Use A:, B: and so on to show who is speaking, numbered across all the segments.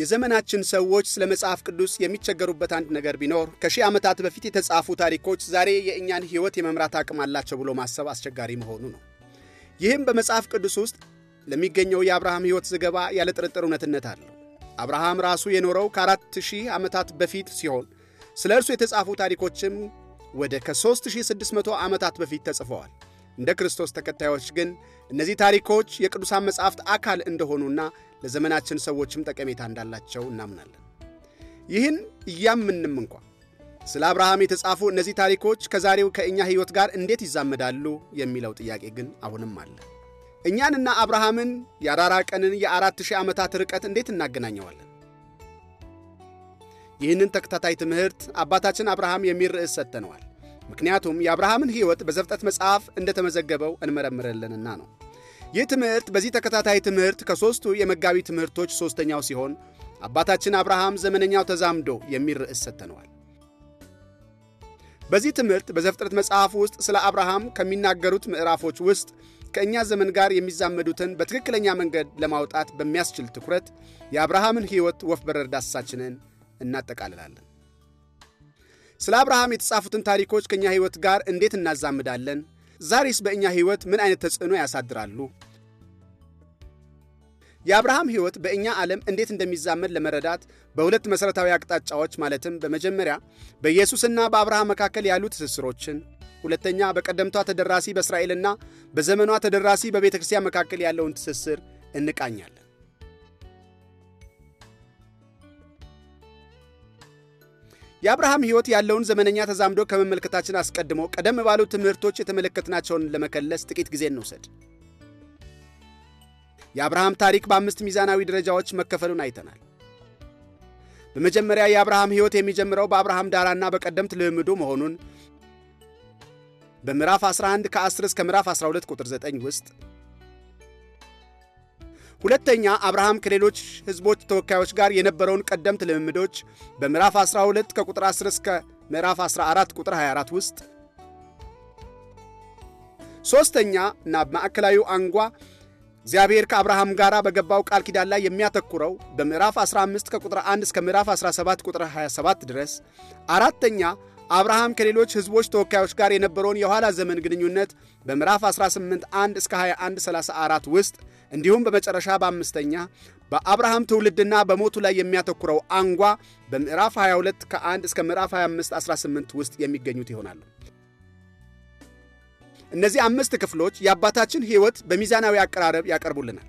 A: የዘመናችን ሰዎች ስለ መጽሐፍ ቅዱስ የሚቸገሩበት አንድ ነገር ቢኖር ከሺህ ዓመታት በፊት የተጻፉ ታሪኮች ዛሬ የእኛን ሕይወት የመምራት አቅም አላቸው ብሎ ማሰብ አስቸጋሪ መሆኑ ነው። ይህም በመጽሐፍ ቅዱስ ውስጥ ለሚገኘው የአብርሃም ሕይወት ዘገባ ያለ ጥርጥር እውነትነት አለው። አብርሃም ራሱ የኖረው ከአራት ሺህ ዓመታት በፊት ሲሆን ስለ እርሱ የተጻፉ ታሪኮችም ወደ ከ3600 ዓመታት በፊት ተጽፈዋል። እንደ ክርስቶስ ተከታዮች ግን እነዚህ ታሪኮች የቅዱሳን መጻሕፍት አካል እንደሆኑና ለዘመናችን ሰዎችም ጠቀሜታ እንዳላቸው እናምናለን። ይህን እያምንም እንኳ ስለ አብርሃም የተጻፉ እነዚህ ታሪኮች ከዛሬው ከእኛ ሕይወት ጋር እንዴት ይዛመዳሉ የሚለው ጥያቄ ግን አሁንም አለ። እኛንና አብርሃምን የአራራ ቀንን የአራት ሺህ ዓመታት ርቀት እንዴት እናገናኘዋለን? ይህንን ተከታታይ ትምህርት አባታችን አብርሃም የሚል ርዕስ ሰጥተነዋል። ምክንያቱም የአብርሃምን ሕይወት በዘፍጠት መጽሐፍ እንደተመዘገበው እንመረምራለንና ነው። ይህ ትምህርት በዚህ ተከታታይ ትምህርት ከሦስቱ የመጋቢ ትምህርቶች ሦስተኛው ሲሆን አባታችን አብርሃም ዘመነኛው ተዛምዶ የሚል ርዕስ ሰጥተነዋል። በዚህ ትምህርት በዘፍጥረት መጽሐፍ ውስጥ ስለ አብርሃም ከሚናገሩት ምዕራፎች ውስጥ ከእኛ ዘመን ጋር የሚዛመዱትን በትክክለኛ መንገድ ለማውጣት በሚያስችል ትኩረት የአብርሃምን ሕይወት ወፍ በረር ዳሰሳችንን እናጠቃልላለን። ስለ አብርሃም የተጻፉትን ታሪኮች ከእኛ ሕይወት ጋር እንዴት እናዛምዳለን? ዛሬስ በእኛ ሕይወት ምን አይነት ተጽዕኖ ያሳድራሉ? የአብርሃም ሕይወት በእኛ ዓለም እንዴት እንደሚዛመድ ለመረዳት በሁለት መሠረታዊ አቅጣጫዎች ማለትም በመጀመሪያ በኢየሱስና በአብርሃም መካከል ያሉ ትስስሮችን፣ ሁለተኛ በቀደምቷ ተደራሲ በእስራኤልና በዘመኗ ተደራሲ በቤተ ክርስቲያን መካከል ያለውን ትስስር እንቃኛለን። የአብርሃም ሕይወት ያለውን ዘመነኛ ተዛምዶ ከመመልከታችን አስቀድሞ ቀደም ባሉ ትምህርቶች የተመለከትናቸውን ለመከለስ ጥቂት ጊዜ እንውሰድ። የአብርሃም ታሪክ በአምስት ሚዛናዊ ደረጃዎች መከፈሉን አይተናል። በመጀመሪያ የአብርሃም ሕይወት የሚጀምረው በአብርሃም ዳራና በቀደምት ልምምዱ መሆኑን በምዕራፍ 11 ከ10 እስከ ምዕራፍ 12 ቁጥር 9 ውስጥ። ሁለተኛ አብርሃም ከሌሎች ሕዝቦች ተወካዮች ጋር የነበረውን ቀደምት ልምምዶች በምዕራፍ 12 ከቁጥር 10 እስከ ምዕራፍ 14 ቁጥር 24 ውስጥ። ሦስተኛ እና ማዕከላዊ አንጓ እግዚአብሔር ከአብርሃም ጋር በገባው ቃል ኪዳን ላይ የሚያተኩረው በምዕራፍ 15 ከቁጥር 1 እስከ ምዕራፍ 17 ቁጥር 27 ድረስ፣ አራተኛ አብርሃም ከሌሎች ሕዝቦች ተወካዮች ጋር የነበረውን የኋላ ዘመን ግንኙነት በምዕራፍ 18 1 እስከ 21 34 ውስጥ እንዲሁም በመጨረሻ በአምስተኛ በአብርሃም ትውልድና በሞቱ ላይ የሚያተኩረው አንጓ በምዕራፍ 22 ከ1 እስከ ምዕራፍ 25 18 ውስጥ የሚገኙት ይሆናሉ። እነዚህ አምስት ክፍሎች የአባታችን ሕይወት በሚዛናዊ አቀራረብ ያቀርቡልናል።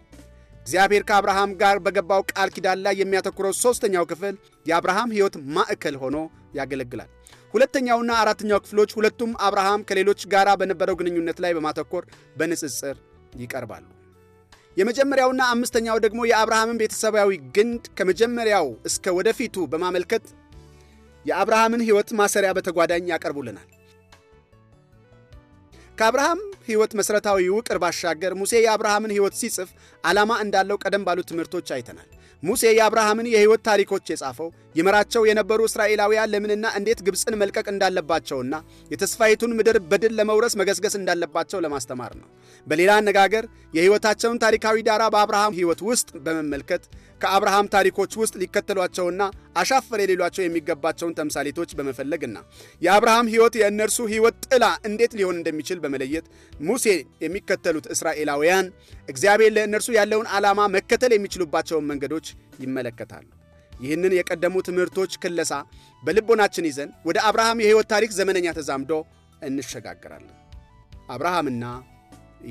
A: እግዚአብሔር ከአብርሃም ጋር በገባው ቃል ኪዳን ላይ የሚያተኩረው ሦስተኛው ክፍል የአብርሃም ሕይወት ማዕከል ሆኖ ያገለግላል። ሁለተኛውና አራተኛው ክፍሎች ሁለቱም አብርሃም ከሌሎች ጋር በነበረው ግንኙነት ላይ በማተኮር በንጽጽር ይቀርባሉ። የመጀመሪያውና አምስተኛው ደግሞ የአብርሃምን ቤተሰባዊ ግንድ ከመጀመሪያው እስከ ወደፊቱ በማመልከት የአብርሃምን ሕይወት ማሰሪያ በተጓዳኝ ያቀርቡልናል። ከአብርሃም ሕይወት መሠረታዊ ውቅር ባሻገር ሙሴ የአብርሃምን ሕይወት ሲጽፍ ዓላማ እንዳለው ቀደም ባሉት ትምህርቶች አይተናል። ሙሴ የአብርሃምን የሕይወት ታሪኮች የጻፈው ይመራቸው የነበሩ እስራኤላውያን ለምንና እንዴት ግብፅን መልቀቅ እንዳለባቸውና የተስፋይቱን ምድር በድል ለመውረስ መገስገስ እንዳለባቸው ለማስተማር ነው። በሌላ አነጋገር የሕይወታቸውን ታሪካዊ ዳራ በአብርሃም ሕይወት ውስጥ በመመልከት ከአብርሃም ታሪኮች ውስጥ ሊከተሏቸውና አሻፈር የሌሏቸው የሚገባቸውን ተምሳሌቶች በመፈለግና የአብርሃም ሕይወት የእነርሱ ሕይወት ጥላ እንዴት ሊሆን እንደሚችል በመለየት ሙሴ የሚከተሉት እስራኤላውያን እግዚአብሔር ለእነርሱ ያለውን ዓላማ መከተል የሚችሉባቸውን መንገዶች ይመለከታሉ። ይህንን የቀደሙ ትምህርቶች ክለሳ በልቦናችን ይዘን ወደ አብርሃም የሕይወት ታሪክ ዘመነኛ ተዛምዶ እንሸጋግራለን። አብርሃምና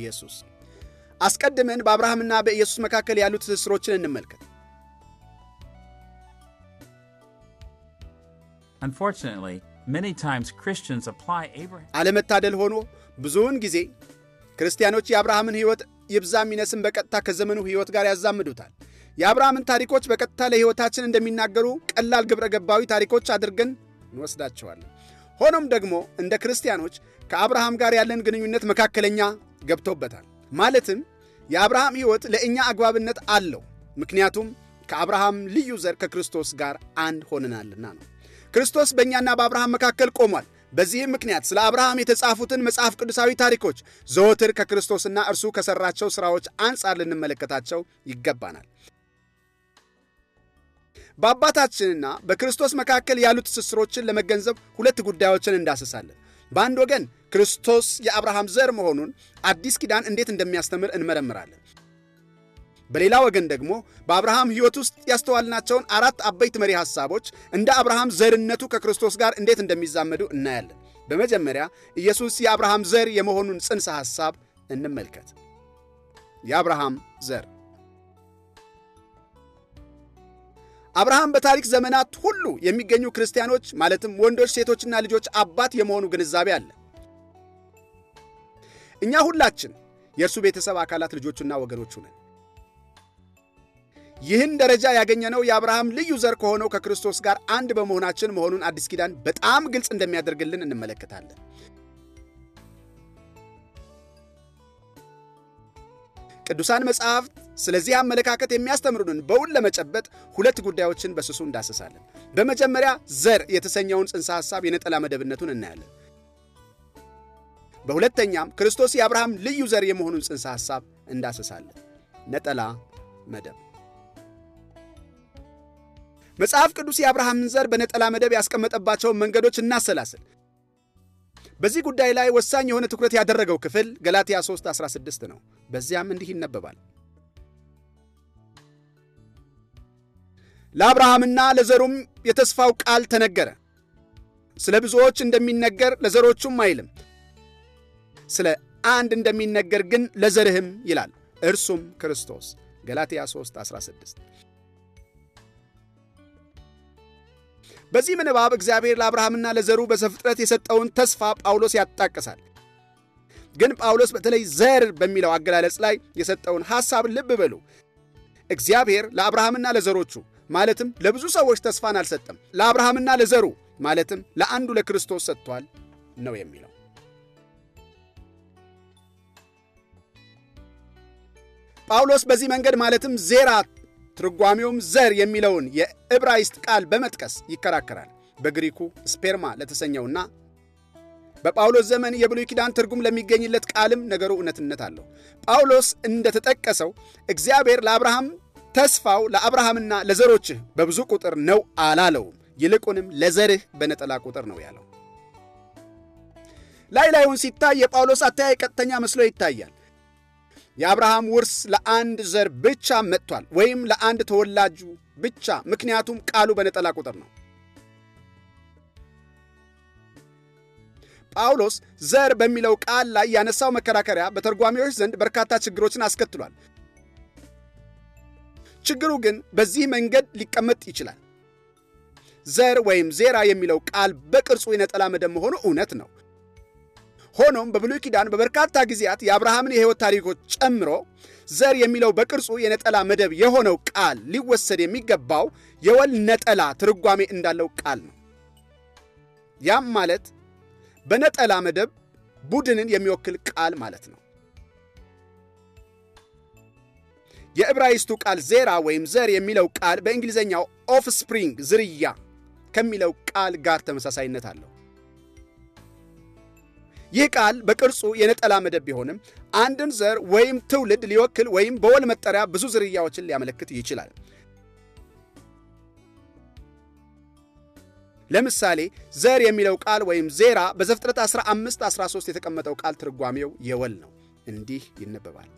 A: ኢየሱስ አስቀድመን በአብርሃምና በኢየሱስ መካከል ያሉ ትስስሮችን እንመልከት። አለመታደል ሆኖ ብዙውን ጊዜ ክርስቲያኖች የአብርሃምን ሕይወት ይብዛም ይነስም በቀጥታ ከዘመኑ ሕይወት ጋር ያዛምዱታል። የአብርሃምን ታሪኮች በቀጥታ ለሕይወታችን እንደሚናገሩ ቀላል ግብረ ገባዊ ታሪኮች አድርገን እንወስዳቸዋለን። ሆኖም ደግሞ እንደ ክርስቲያኖች ከአብርሃም ጋር ያለን ግንኙነት መካከለኛ ገብቶበታል። ማለትም የአብርሃም ሕይወት ለእኛ አግባብነት አለው፣ ምክንያቱም ከአብርሃም ልዩ ዘር ከክርስቶስ ጋር አንድ ሆነናልና ነው። ክርስቶስ በእኛና በአብርሃም መካከል ቆሟል። በዚህም ምክንያት ስለ አብርሃም የተጻፉትን መጽሐፍ ቅዱሳዊ ታሪኮች ዘወትር ከክርስቶስና እርሱ ከሠራቸው ሥራዎች አንጻር ልንመለከታቸው ይገባናል። በአባታችንና በክርስቶስ መካከል ያሉ ትስስሮችን ለመገንዘብ ሁለት ጉዳዮችን እንዳስሳለን። በአንድ ወገን ክርስቶስ የአብርሃም ዘር መሆኑን አዲስ ኪዳን እንዴት እንደሚያስተምር እንመረምራለን። በሌላ ወገን ደግሞ በአብርሃም ሕይወት ውስጥ ያስተዋልናቸውን አራት አበይት መሪ ሐሳቦች እንደ አብርሃም ዘርነቱ ከክርስቶስ ጋር እንዴት እንደሚዛመዱ እናያለን። በመጀመሪያ ኢየሱስ የአብርሃም ዘር የመሆኑን ጽንሰ ሐሳብ እንመልከት። የአብርሃም ዘር አብርሃም በታሪክ ዘመናት ሁሉ የሚገኙ ክርስቲያኖች ማለትም ወንዶች፣ ሴቶችና ልጆች አባት የመሆኑ ግንዛቤ አለ። እኛ ሁላችን የእርሱ ቤተሰብ አካላት ልጆቹና ወገኖቹ ነን። ይህን ደረጃ ያገኘነው የአብርሃም ልዩ ዘር ከሆነው ከክርስቶስ ጋር አንድ በመሆናችን መሆኑን አዲስ ኪዳን በጣም ግልጽ እንደሚያደርግልን እንመለከታለን። ቅዱሳን መጽሐፍት ስለዚህ አመለካከት የሚያስተምሩንን በውል ለመጨበጥ ሁለት ጉዳዮችን በስሱ እንዳስሳለን። በመጀመሪያ ዘር የተሰኘውን ጽንሰ ሐሳብ የነጠላ መደብነቱን እናያለን። በሁለተኛም ክርስቶስ የአብርሃም ልዩ ዘር የመሆኑን ጽንሰ ሐሳብ እንዳስሳለን። ነጠላ መደብ መጽሐፍ ቅዱስ የአብርሃምን ዘር በነጠላ መደብ ያስቀመጠባቸውን መንገዶች እናሰላስል። በዚህ ጉዳይ ላይ ወሳኝ የሆነ ትኩረት ያደረገው ክፍል ገላትያ 3:16 ነው። በዚያም እንዲህ ይነበባል ለአብርሃምና ለዘሩም የተስፋው ቃል ተነገረ። ስለ ብዙዎች እንደሚነገር ለዘሮቹም አይልም፣ ስለ አንድ እንደሚነገር ግን ለዘርህም ይላል፣ እርሱም ክርስቶስ። ገላትያ 3:16 በዚህ ምንባብ እግዚአብሔር ለአብርሃምና ለዘሩ በዘፍጥረት የሰጠውን ተስፋ ጳውሎስ ያጣቅሳል። ግን ጳውሎስ በተለይ ዘር በሚለው አገላለጽ ላይ የሰጠውን ሐሳብ ልብ በሉ። እግዚአብሔር ለአብርሃምና ለዘሮቹ ማለትም ለብዙ ሰዎች ተስፋን አልሰጠም፣ ለአብርሃምና ለዘሩ ማለትም ለአንዱ ለክርስቶስ ሰጥቷል ነው የሚለው። ጳውሎስ በዚህ መንገድ ማለትም ዜራ ትርጓሜውም ዘር የሚለውን የዕብራይስጥ ቃል በመጥቀስ ይከራከራል። በግሪኩ ስፔርማ ለተሰኘውና በጳውሎስ ዘመን የብሉይ ኪዳን ትርጉም ለሚገኝለት ቃልም ነገሩ እውነትነት አለው። ጳውሎስ እንደተጠቀሰው እግዚአብሔር ለአብርሃም ተስፋው ለአብርሃምና ለዘሮችህ በብዙ ቁጥር ነው አላለውም። ይልቁንም ለዘርህ በነጠላ ቁጥር ነው ያለው። ላይ ላዩን ሲታይ የጳውሎስ አተያይ ቀጥተኛ መስሎ ይታያል። የአብርሃም ውርስ ለአንድ ዘር ብቻ መጥቷል፣ ወይም ለአንድ ተወላጁ ብቻ። ምክንያቱም ቃሉ በነጠላ ቁጥር ነው። ጳውሎስ ዘር በሚለው ቃል ላይ ያነሳው መከራከሪያ በተርጓሚዎች ዘንድ በርካታ ችግሮችን አስከትሏል። ችግሩ ግን በዚህ መንገድ ሊቀመጥ ይችላል። ዘር ወይም ዜራ የሚለው ቃል በቅርጹ የነጠላ መደብ መሆኑ እውነት ነው። ሆኖም በብሉይ ኪዳን በበርካታ ጊዜያት የአብርሃምን የሕይወት ታሪኮች ጨምሮ ዘር የሚለው በቅርጹ የነጠላ መደብ የሆነው ቃል ሊወሰድ የሚገባው የወል ነጠላ ትርጓሜ እንዳለው ቃል ነው። ያም ማለት በነጠላ መደብ ቡድንን የሚወክል ቃል ማለት ነው። የዕብራይስቱ ቃል ዜራ ወይም ዘር የሚለው ቃል በእንግሊዝኛው ኦፍስፕሪንግ ዝርያ ከሚለው ቃል ጋር ተመሳሳይነት አለው። ይህ ቃል በቅርጹ የነጠላ መደብ ቢሆንም አንድን ዘር ወይም ትውልድ ሊወክል ወይም በወል መጠሪያ ብዙ ዝርያዎችን ሊያመለክት ይችላል። ለምሳሌ ዘር የሚለው ቃል ወይም ዜራ በዘፍጥረት 15 13 የተቀመጠው ቃል ትርጓሜው የወል ነው። እንዲህ ይነበባል።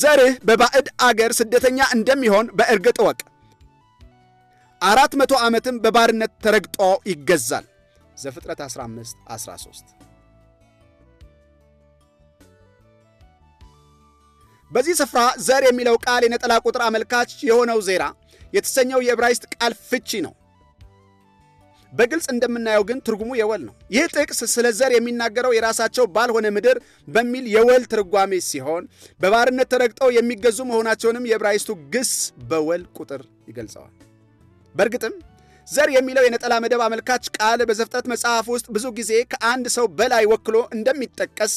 A: ዘርህ በባዕድ አገር ስደተኛ እንደሚሆን በእርግጥ እወቅ። አራት መቶ ዓመትም በባርነት ተረግጦ ይገዛል። ዘፍጥረት 15 13 በዚህ ስፍራ ዘር የሚለው ቃል የነጠላ ቁጥር አመልካች የሆነው ዜራ የተሰኘው የዕብራይስጥ ቃል ፍቺ ነው። በግልጽ እንደምናየው ግን ትርጉሙ የወል ነው። ይህ ጥቅስ ስለ ዘር የሚናገረው የራሳቸው ባልሆነ ምድር በሚል የወል ትርጓሜ ሲሆን በባርነት ተረግጠው የሚገዙ መሆናቸውንም የዕብራይስቱ ግስ በወል ቁጥር ይገልጸዋል። በእርግጥም ዘር የሚለው የነጠላ መደብ አመልካች ቃል በዘፍጥረት መጽሐፍ ውስጥ ብዙ ጊዜ ከአንድ ሰው በላይ ወክሎ እንደሚጠቀስ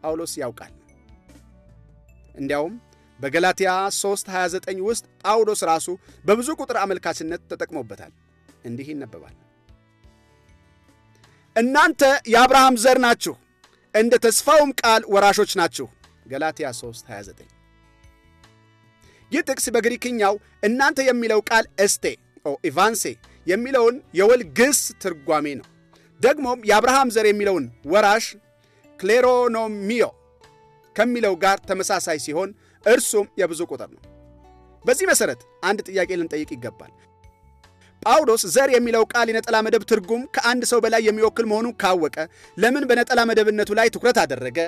A: ጳውሎስ ያውቃል። እንዲያውም በገላትያ 29 ውስጥ ጳውሎስ ራሱ በብዙ ቁጥር አመልካችነት ተጠቅሞበታል። እንዲህ ይነበባል፣ እናንተ የአብርሃም ዘር ናችሁ፣ እንደ ተስፋውም ቃል ወራሾች ናችሁ። ገላትያ 29 ይህ ጥቅስ በግሪክኛው እናንተ የሚለው ቃል እስቴ ኢቫንሴ የሚለውን የወል ግስ ትርጓሜ ነው። ደግሞም የአብርሃም ዘር የሚለውን ወራሽ ክሌሮኖሚዮ ከሚለው ጋር ተመሳሳይ ሲሆን እርሱም የብዙ ቁጥር ነው። በዚህ መሠረት አንድ ጥያቄ ልንጠይቅ ይገባል። ጳውሎስ ዘር የሚለው ቃል የነጠላ መደብ ትርጉም ከአንድ ሰው በላይ የሚወክል መሆኑን ካወቀ ለምን በነጠላ መደብነቱ ላይ ትኩረት አደረገ?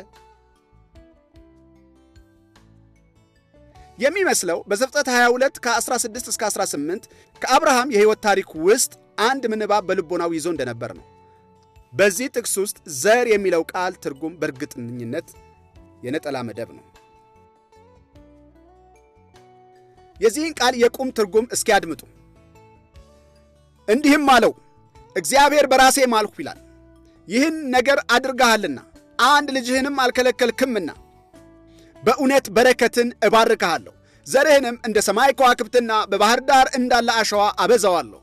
A: የሚመስለው በዘፍጥረት 22 ከ16 እስከ 18 ከአብርሃም የሕይወት ታሪክ ውስጥ አንድ ምንባብ በልቦናው ይዞ እንደነበር ነው። በዚህ ጥቅስ ውስጥ ዘር የሚለው ቃል ትርጉም በእርግጠኝነት የነጠላ መደብ ነው። የዚህን ቃል የቁም ትርጉም እስኪ አድምጡ እንዲህም አለው፣ እግዚአብሔር በራሴ ማልኩ ይላል፣ ይህን ነገር አድርገሃልና አንድ ልጅህንም አልከለከልክምና በእውነት በረከትን እባርክሃለሁ፣ ዘርህንም እንደ ሰማይ ከዋክብትና በባህር ዳር እንዳለ አሸዋ አበዛዋለሁ።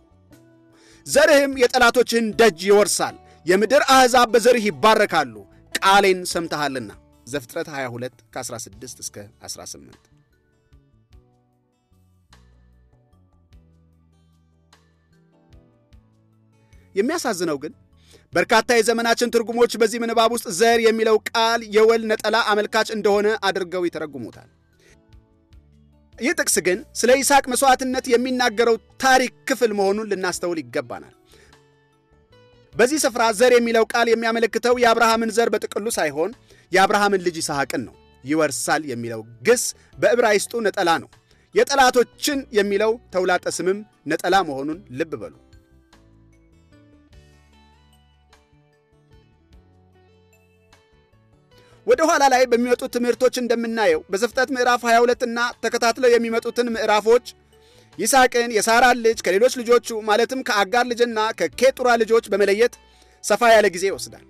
A: ዘርህም የጠላቶችህን ደጅ ይወርሳል፣ የምድር አሕዛብ በዘርህ ይባረካሉ፣ ቃሌን ሰምተሃልና። ዘፍጥረት 22 ከ16 እስከ 18 የሚያሳዝነው ግን በርካታ የዘመናችን ትርጉሞች በዚህ ምንባብ ውስጥ ዘር የሚለው ቃል የወል ነጠላ አመልካች እንደሆነ አድርገው ይተረጉሙታል። ይህ ጥቅስ ግን ስለ ይስሐቅ መሥዋዕትነት የሚናገረው ታሪክ ክፍል መሆኑን ልናስተውል ይገባናል። በዚህ ስፍራ ዘር የሚለው ቃል የሚያመለክተው የአብርሃምን ዘር በጥቅሉ ሳይሆን የአብርሃምን ልጅ ይስሐቅን ነው። ይወርሳል የሚለው ግስ በዕብራይስጡ ነጠላ ነው። የጠላቶችን የሚለው ተውላጠ ስምም ነጠላ መሆኑን ልብ በሉ። ወደ ኋላ ላይ በሚመጡ ትምህርቶች እንደምናየው በዘፍጥረት ምዕራፍ 22 እና ተከታትለው የሚመጡትን ምዕራፎች ይስሐቅን የሳራን ልጅ ከሌሎች ልጆቹ ማለትም ከአጋር ልጅና ከኬጡራ ልጆች በመለየት ሰፋ ያለ ጊዜ ይወስዳል።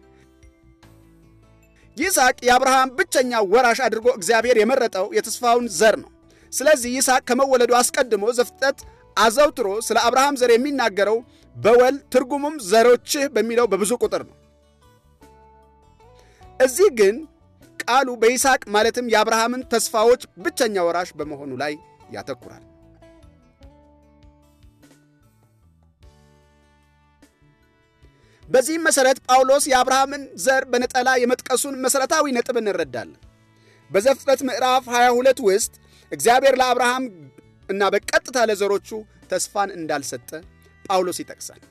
A: ይስሐቅ የአብርሃም ብቸኛ ወራሽ አድርጎ እግዚአብሔር የመረጠው የተስፋውን ዘር ነው። ስለዚህ ይስሐቅ ከመወለዱ አስቀድሞ ዘፍጥረት አዘውትሮ ስለ አብርሃም ዘር የሚናገረው በወል ትርጉሙም ዘሮችህ በሚለው በብዙ ቁጥር ነው። እዚህ ግን ቃሉ በይስሐቅ ማለትም የአብርሃምን ተስፋዎች ብቸኛ ወራሽ በመሆኑ ላይ ያተኩራል። በዚህም መሠረት ጳውሎስ የአብርሃምን ዘር በነጠላ የመጥቀሱን መሠረታዊ ነጥብ እንረዳለን። በዘፍጥረት ምዕራፍ 22 ውስጥ እግዚአብሔር ለአብርሃም እና በቀጥታ ለዘሮቹ ተስፋን እንዳልሰጠ ጳውሎስ ይጠቅሳል።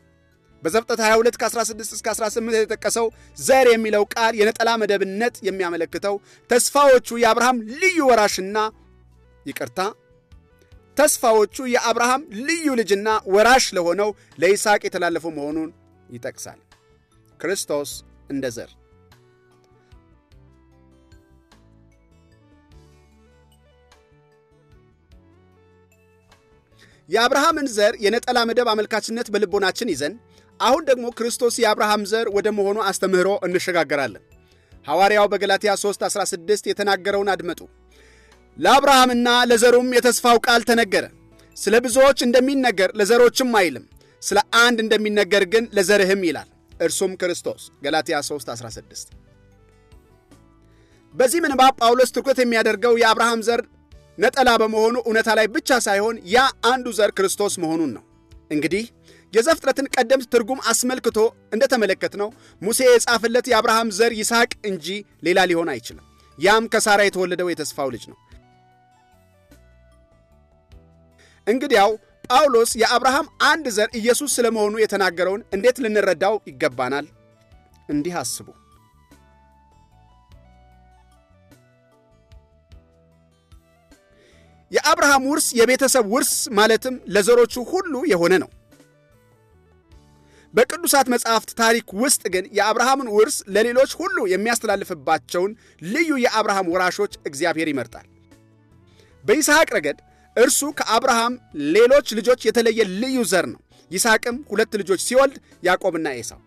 A: በዘፍጥረት 22 ከ16 እስከ 18 የተጠቀሰው ዘር የሚለው ቃል የነጠላ መደብነት የሚያመለክተው ተስፋዎቹ የአብርሃም ልዩ ወራሽና ይቅርታ ተስፋዎቹ የአብርሃም ልዩ ልጅና ወራሽ ለሆነው ለይስሐቅ የተላለፉ መሆኑን ይጠቅሳል። ክርስቶስ እንደ ዘር የአብርሃምን ዘር የነጠላ መደብ አመልካችነት በልቦናችን ይዘን አሁን ደግሞ ክርስቶስ የአብርሃም ዘር ወደ መሆኑ አስተምህሮ እንሸጋገራለን። ሐዋርያው በገላትያ 16 የተናገረውን አድመጡ። ለአብርሃምና ለዘሩም የተስፋው ቃል ተነገረ። ስለ ብዙዎች እንደሚነገር ለዘሮችም አይልም፣ ስለ አንድ እንደሚነገር ግን ለዘርህም ይላል፣ እርሱም ክርስቶስ። ገላትያ 3:16 በዚህ ምንባብ ጳውሎስ ትኩረት የሚያደርገው የአብርሃም ዘር ነጠላ በመሆኑ እውነታ ላይ ብቻ ሳይሆን ያ አንዱ ዘር ክርስቶስ መሆኑን ነው። እንግዲህ የዘፍጥረትን ቀደምት ትርጉም አስመልክቶ እንደተመለከትነው ሙሴ የጻፈለት የአብርሃም ዘር ይስሐቅ እንጂ ሌላ ሊሆን አይችልም። ያም ከሳራ የተወለደው የተስፋው ልጅ ነው። እንግዲያው ጳውሎስ የአብርሃም አንድ ዘር ኢየሱስ ስለመሆኑ የተናገረውን እንዴት ልንረዳው ይገባናል? እንዲህ አስቡ። የአብርሃም ውርስ የቤተሰብ ውርስ ማለትም ለዘሮቹ ሁሉ የሆነ ነው። በቅዱሳት መጽሐፍት ታሪክ ውስጥ ግን የአብርሃምን ውርስ ለሌሎች ሁሉ የሚያስተላልፍባቸውን ልዩ የአብርሃም ወራሾች እግዚአብሔር ይመርጣል። በይስሐቅ ረገድ እርሱ ከአብርሃም ሌሎች ልጆች የተለየ ልዩ ዘር ነው። ይስሐቅም ሁለት ልጆች ሲወልድ ያዕቆብና ኤሳው።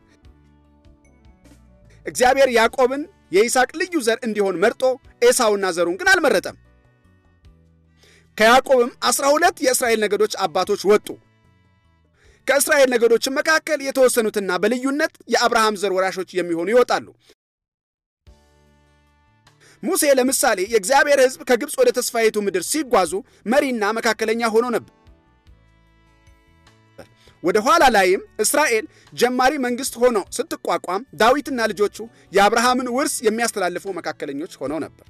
A: እግዚአብሔር ያዕቆብን የይስሐቅ ልዩ ዘር እንዲሆን መርጦ ኤሳውና ዘሩን ግን አልመረጠም። ከያዕቆብም ዐሥራ ሁለት የእስራኤል ነገዶች አባቶች ወጡ። ከእስራኤል ነገዶችን መካከል የተወሰኑትና በልዩነት የአብርሃም ዘር ወራሾች የሚሆኑ ይወጣሉ። ሙሴ ለምሳሌ የእግዚአብሔር ሕዝብ ከግብፅ ወደ ተስፋይቱ ምድር ሲጓዙ መሪና መካከለኛ ሆኖ ነበር። ወደ ኋላ ላይም እስራኤል ጀማሪ መንግሥት ሆኖ ስትቋቋም ዳዊትና ልጆቹ የአብርሃምን ውርስ የሚያስተላልፉ መካከለኞች ሆነው ነበር።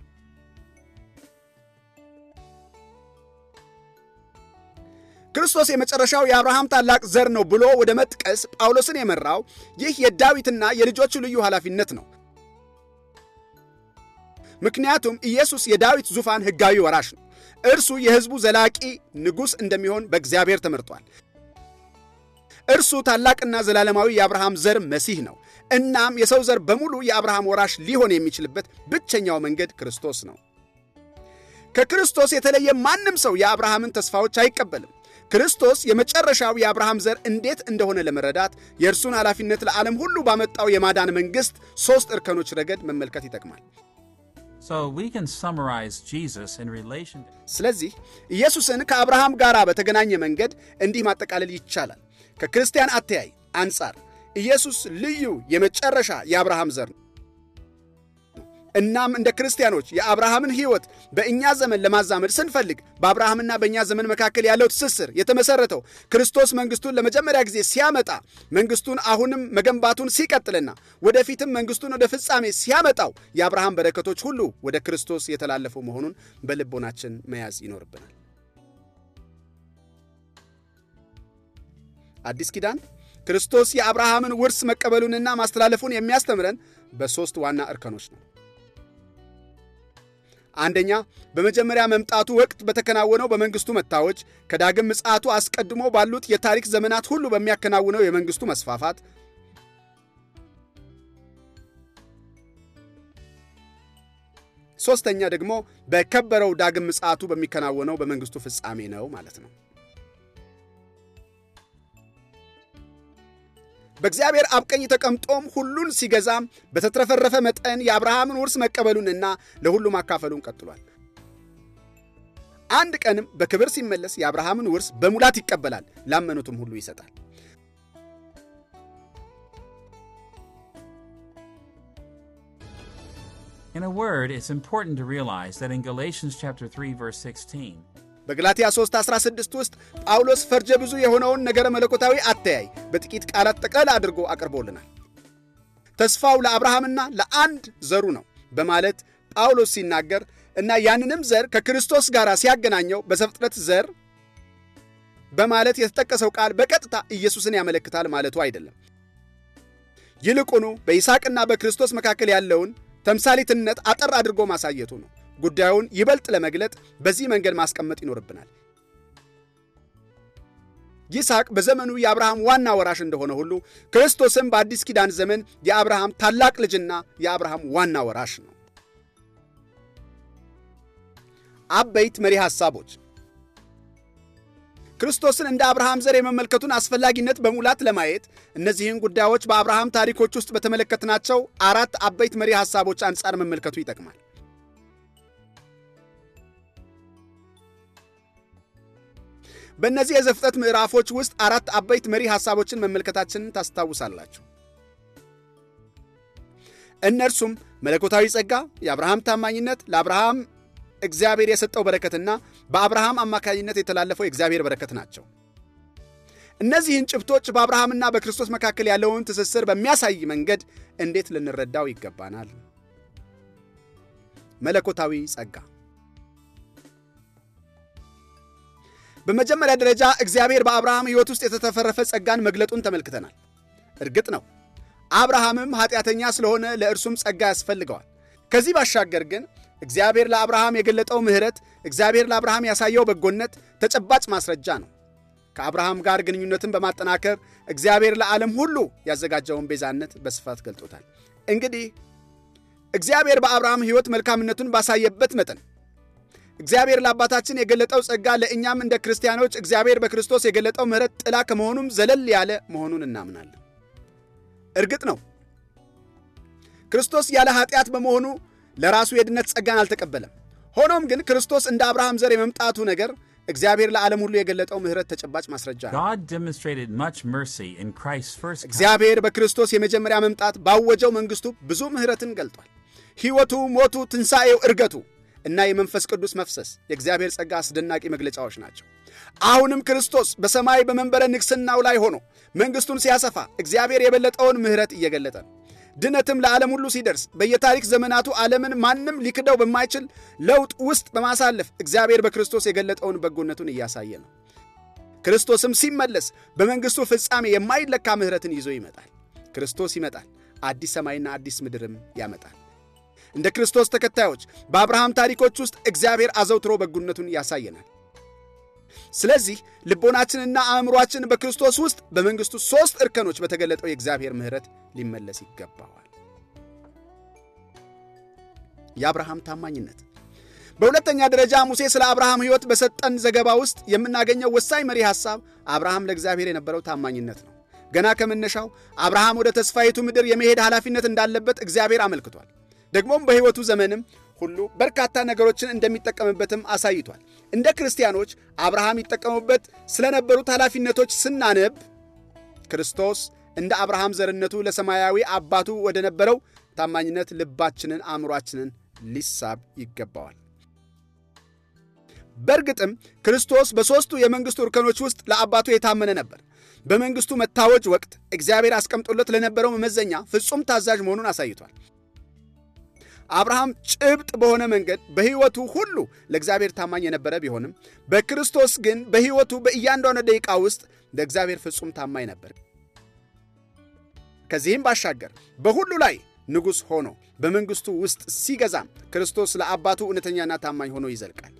A: ክርስቶስ የመጨረሻው የአብርሃም ታላቅ ዘር ነው ብሎ ወደ መጥቀስ ጳውሎስን የመራው ይህ የዳዊትና የልጆቹ ልዩ ኃላፊነት ነው። ምክንያቱም ኢየሱስ የዳዊት ዙፋን ሕጋዊ ወራሽ ነው። እርሱ የሕዝቡ ዘላቂ ንጉሥ እንደሚሆን በእግዚአብሔር ተመርጧል። እርሱ ታላቅና ዘላለማዊ የአብርሃም ዘር መሲህ ነው። እናም የሰው ዘር በሙሉ የአብርሃም ወራሽ ሊሆን የሚችልበት ብቸኛው መንገድ ክርስቶስ ነው። ከክርስቶስ የተለየ ማንም ሰው የአብርሃምን ተስፋዎች አይቀበልም። ክርስቶስ የመጨረሻው የአብርሃም ዘር እንዴት እንደሆነ ለመረዳት የእርሱን ኃላፊነት ለዓለም ሁሉ ባመጣው የማዳን መንግሥት ሦስት እርከኖች ረገድ መመልከት ይጠቅማል።
B: ስለዚህ ኢየሱስን
A: ከአብርሃም ጋር በተገናኘ መንገድ እንዲህ ማጠቃለል ይቻላል። ከክርስቲያን አተያይ አንጻር ኢየሱስ ልዩ የመጨረሻ የአብርሃም ዘር ነው። እናም እንደ ክርስቲያኖች የአብርሃምን ሕይወት በእኛ ዘመን ለማዛመድ ስንፈልግ በአብርሃምና በእኛ ዘመን መካከል ያለው ትስስር የተመሰረተው ክርስቶስ መንግስቱን ለመጀመሪያ ጊዜ ሲያመጣ መንግስቱን አሁንም መገንባቱን ሲቀጥልና ወደፊትም መንግስቱን ወደ ፍጻሜ ሲያመጣው የአብርሃም በረከቶች ሁሉ ወደ ክርስቶስ የተላለፉ መሆኑን በልቦናችን መያዝ ይኖርብናል። አዲስ ኪዳን ክርስቶስ የአብርሃምን ውርስ መቀበሉንና ማስተላለፉን የሚያስተምረን በሦስት ዋና እርከኖች ነው። አንደኛ በመጀመሪያ መምጣቱ ወቅት በተከናወነው በመንግስቱ መታወች ከዳግም ምጽአቱ አስቀድሞ ባሉት የታሪክ ዘመናት ሁሉ በሚያከናውነው የመንግስቱ መስፋፋት፣ ሶስተኛ ደግሞ በከበረው ዳግም ምጽአቱ በሚከናወነው በመንግስቱ ፍጻሜ ነው ማለት ነው። በእግዚአብሔር አብ ቀኝ ተቀምጦም ሁሉን ሲገዛም በተትረፈረፈ መጠን የአብርሃምን ውርስ መቀበሉንና ለሁሉ ማካፈሉን ቀጥሏል። አንድ ቀንም በክብር ሲመለስ የአብርሃምን ውርስ በሙላት ይቀበላል፣ ላመኑትም ሁሉ ይሰጣል።
B: In a word, it's important to realize that in Galatians chapter 3 verse 16 በገላትያ
A: 3:16 ውስጥ ጳውሎስ ፈርጀ ብዙ የሆነውን ነገረ መለኮታዊ አተያይ በጥቂት ቃላት ጠቅለል አድርጎ አቅርቦልናል። ተስፋው ለአብርሃምና ለአንድ ዘሩ ነው በማለት ጳውሎስ ሲናገር እና ያንንም ዘር ከክርስቶስ ጋር ሲያገናኘው በዘፍጥረት ዘር በማለት የተጠቀሰው ቃል በቀጥታ ኢየሱስን ያመለክታል ማለቱ አይደለም። ይልቁኑ በይስሐቅና በክርስቶስ መካከል ያለውን ተምሳሌትነት አጠር አድርጎ ማሳየቱ ነው። ጉዳዩን ይበልጥ ለመግለጥ በዚህ መንገድ ማስቀመጥ ይኖርብናል። ይስሐቅ በዘመኑ የአብርሃም ዋና ወራሽ እንደሆነ ሁሉ ክርስቶስም በአዲስ ኪዳን ዘመን የአብርሃም ታላቅ ልጅና የአብርሃም ዋና ወራሽ ነው። አበይት መሪ ሐሳቦች ክርስቶስን እንደ አብርሃም ዘር የመመልከቱን አስፈላጊነት በሙላት ለማየት እነዚህን ጉዳዮች በአብርሃም ታሪኮች ውስጥ በተመለከትናቸው አራት አበይት መሪ ሐሳቦች አንጻር መመልከቱ ይጠቅማል። በእነዚህ የዘፍጠት ምዕራፎች ውስጥ አራት አበይት መሪ ሐሳቦችን መመልከታችን ታስታውሳላችሁ። እነርሱም መለኮታዊ ጸጋ፣ የአብርሃም ታማኝነት፣ ለአብርሃም እግዚአብሔር የሰጠው በረከትና በአብርሃም አማካኝነት የተላለፈው የእግዚአብሔር በረከት ናቸው። እነዚህን ጭብጦች በአብርሃምና በክርስቶስ መካከል ያለውን ትስስር በሚያሳይ መንገድ እንዴት ልንረዳው ይገባናል? መለኮታዊ ጸጋ በመጀመሪያ ደረጃ እግዚአብሔር በአብርሃም ሕይወት ውስጥ የተተፈረፈ ጸጋን መግለጡን ተመልክተናል። እርግጥ ነው አብርሃምም ኃጢአተኛ ስለሆነ ለእርሱም ጸጋ ያስፈልገዋል። ከዚህ ባሻገር ግን እግዚአብሔር ለአብርሃም የገለጠው ምሕረት፣ እግዚአብሔር ለአብርሃም ያሳየው በጎነት ተጨባጭ ማስረጃ ነው። ከአብርሃም ጋር ግንኙነትን በማጠናከር እግዚአብሔር ለዓለም ሁሉ ያዘጋጀውን ቤዛነት በስፋት ገልጦታል። እንግዲህ እግዚአብሔር በአብርሃም ሕይወት መልካምነቱን ባሳየበት መጠን እግዚአብሔር ለአባታችን የገለጠው ጸጋ ለእኛም እንደ ክርስቲያኖች እግዚአብሔር በክርስቶስ የገለጠው ምሕረት ጥላ ከመሆኑም ዘለል ያለ መሆኑን እናምናለን። እርግጥ ነው ክርስቶስ ያለ ኃጢአት በመሆኑ ለራሱ የድነት ጸጋን አልተቀበለም። ሆኖም ግን ክርስቶስ እንደ አብርሃም ዘር የመምጣቱ ነገር እግዚአብሔር ለዓለም ሁሉ የገለጠው ምሕረት ተጨባጭ ማስረጃ ነው። እግዚአብሔር በክርስቶስ የመጀመሪያ መምጣት ባወጀው መንግሥቱ ብዙ ምሕረትን ገልጧል። ሕይወቱ፣ ሞቱ፣ ትንሣኤው፣ እርገቱ እና የመንፈስ ቅዱስ መፍሰስ የእግዚአብሔር ጸጋ አስደናቂ መግለጫዎች ናቸው። አሁንም ክርስቶስ በሰማይ በመንበረ ንግሥናው ላይ ሆኖ መንግሥቱን ሲያሰፋ እግዚአብሔር የበለጠውን ምሕረት እየገለጠ ነው። ድነትም ለዓለም ሁሉ ሲደርስ በየታሪክ ዘመናቱ ዓለምን ማንም ሊክደው በማይችል ለውጥ ውስጥ በማሳለፍ እግዚአብሔር በክርስቶስ የገለጠውን በጎነቱን እያሳየ ነው። ክርስቶስም ሲመለስ በመንግሥቱ ፍጻሜ የማይለካ ምሕረትን ይዞ ይመጣል። ክርስቶስ ይመጣል። አዲስ ሰማይና አዲስ ምድርም ያመጣል። እንደ ክርስቶስ ተከታዮች በአብርሃም ታሪኮች ውስጥ እግዚአብሔር አዘውትሮ በጎነቱን ያሳየናል። ስለዚህ ልቦናችንና አእምሯችን በክርስቶስ ውስጥ በመንግሥቱ ሦስት እርከኖች በተገለጠው የእግዚአብሔር ምሕረት ሊመለስ ይገባዋል። የአብርሃም ታማኝነት። በሁለተኛ ደረጃ ሙሴ ስለ አብርሃም ሕይወት በሰጠን ዘገባ ውስጥ የምናገኘው ወሳኝ መሪ ሐሳብ አብርሃም ለእግዚአብሔር የነበረው ታማኝነት ነው። ገና ከመነሻው አብርሃም ወደ ተስፋይቱ ምድር የመሄድ ኃላፊነት እንዳለበት እግዚአብሔር አመልክቷል። ደግሞም በሕይወቱ ዘመንም ሁሉ በርካታ ነገሮችን እንደሚጠቀምበትም አሳይቷል። እንደ ክርስቲያኖች አብርሃም ይጠቀሙበት ስለነበሩት ኃላፊነቶች ስናነብ ክርስቶስ እንደ አብርሃም ዘርነቱ ለሰማያዊ አባቱ ወደ ነበረው ታማኝነት ልባችንን፣ አእምሯችንን ሊሳብ ይገባዋል። በእርግጥም ክርስቶስ በሦስቱ የመንግሥቱ እርከኖች ውስጥ ለአባቱ የታመነ ነበር። በመንግሥቱ መታወጅ ወቅት እግዚአብሔር አስቀምጦለት ለነበረው መመዘኛ ፍጹም ታዛዥ መሆኑን አሳይቷል። አብርሃም ጭብጥ በሆነ መንገድ በሕይወቱ ሁሉ ለእግዚአብሔር ታማኝ የነበረ ቢሆንም በክርስቶስ ግን በሕይወቱ በእያንዳንዱ ደቂቃ ውስጥ ለእግዚአብሔር ፍጹም ታማኝ ነበር። ከዚህም ባሻገር በሁሉ ላይ ንጉሥ ሆኖ በመንግሥቱ ውስጥ ሲገዛም ክርስቶስ ለአባቱ እውነተኛና ታማኝ ሆኖ ይዘልቃል።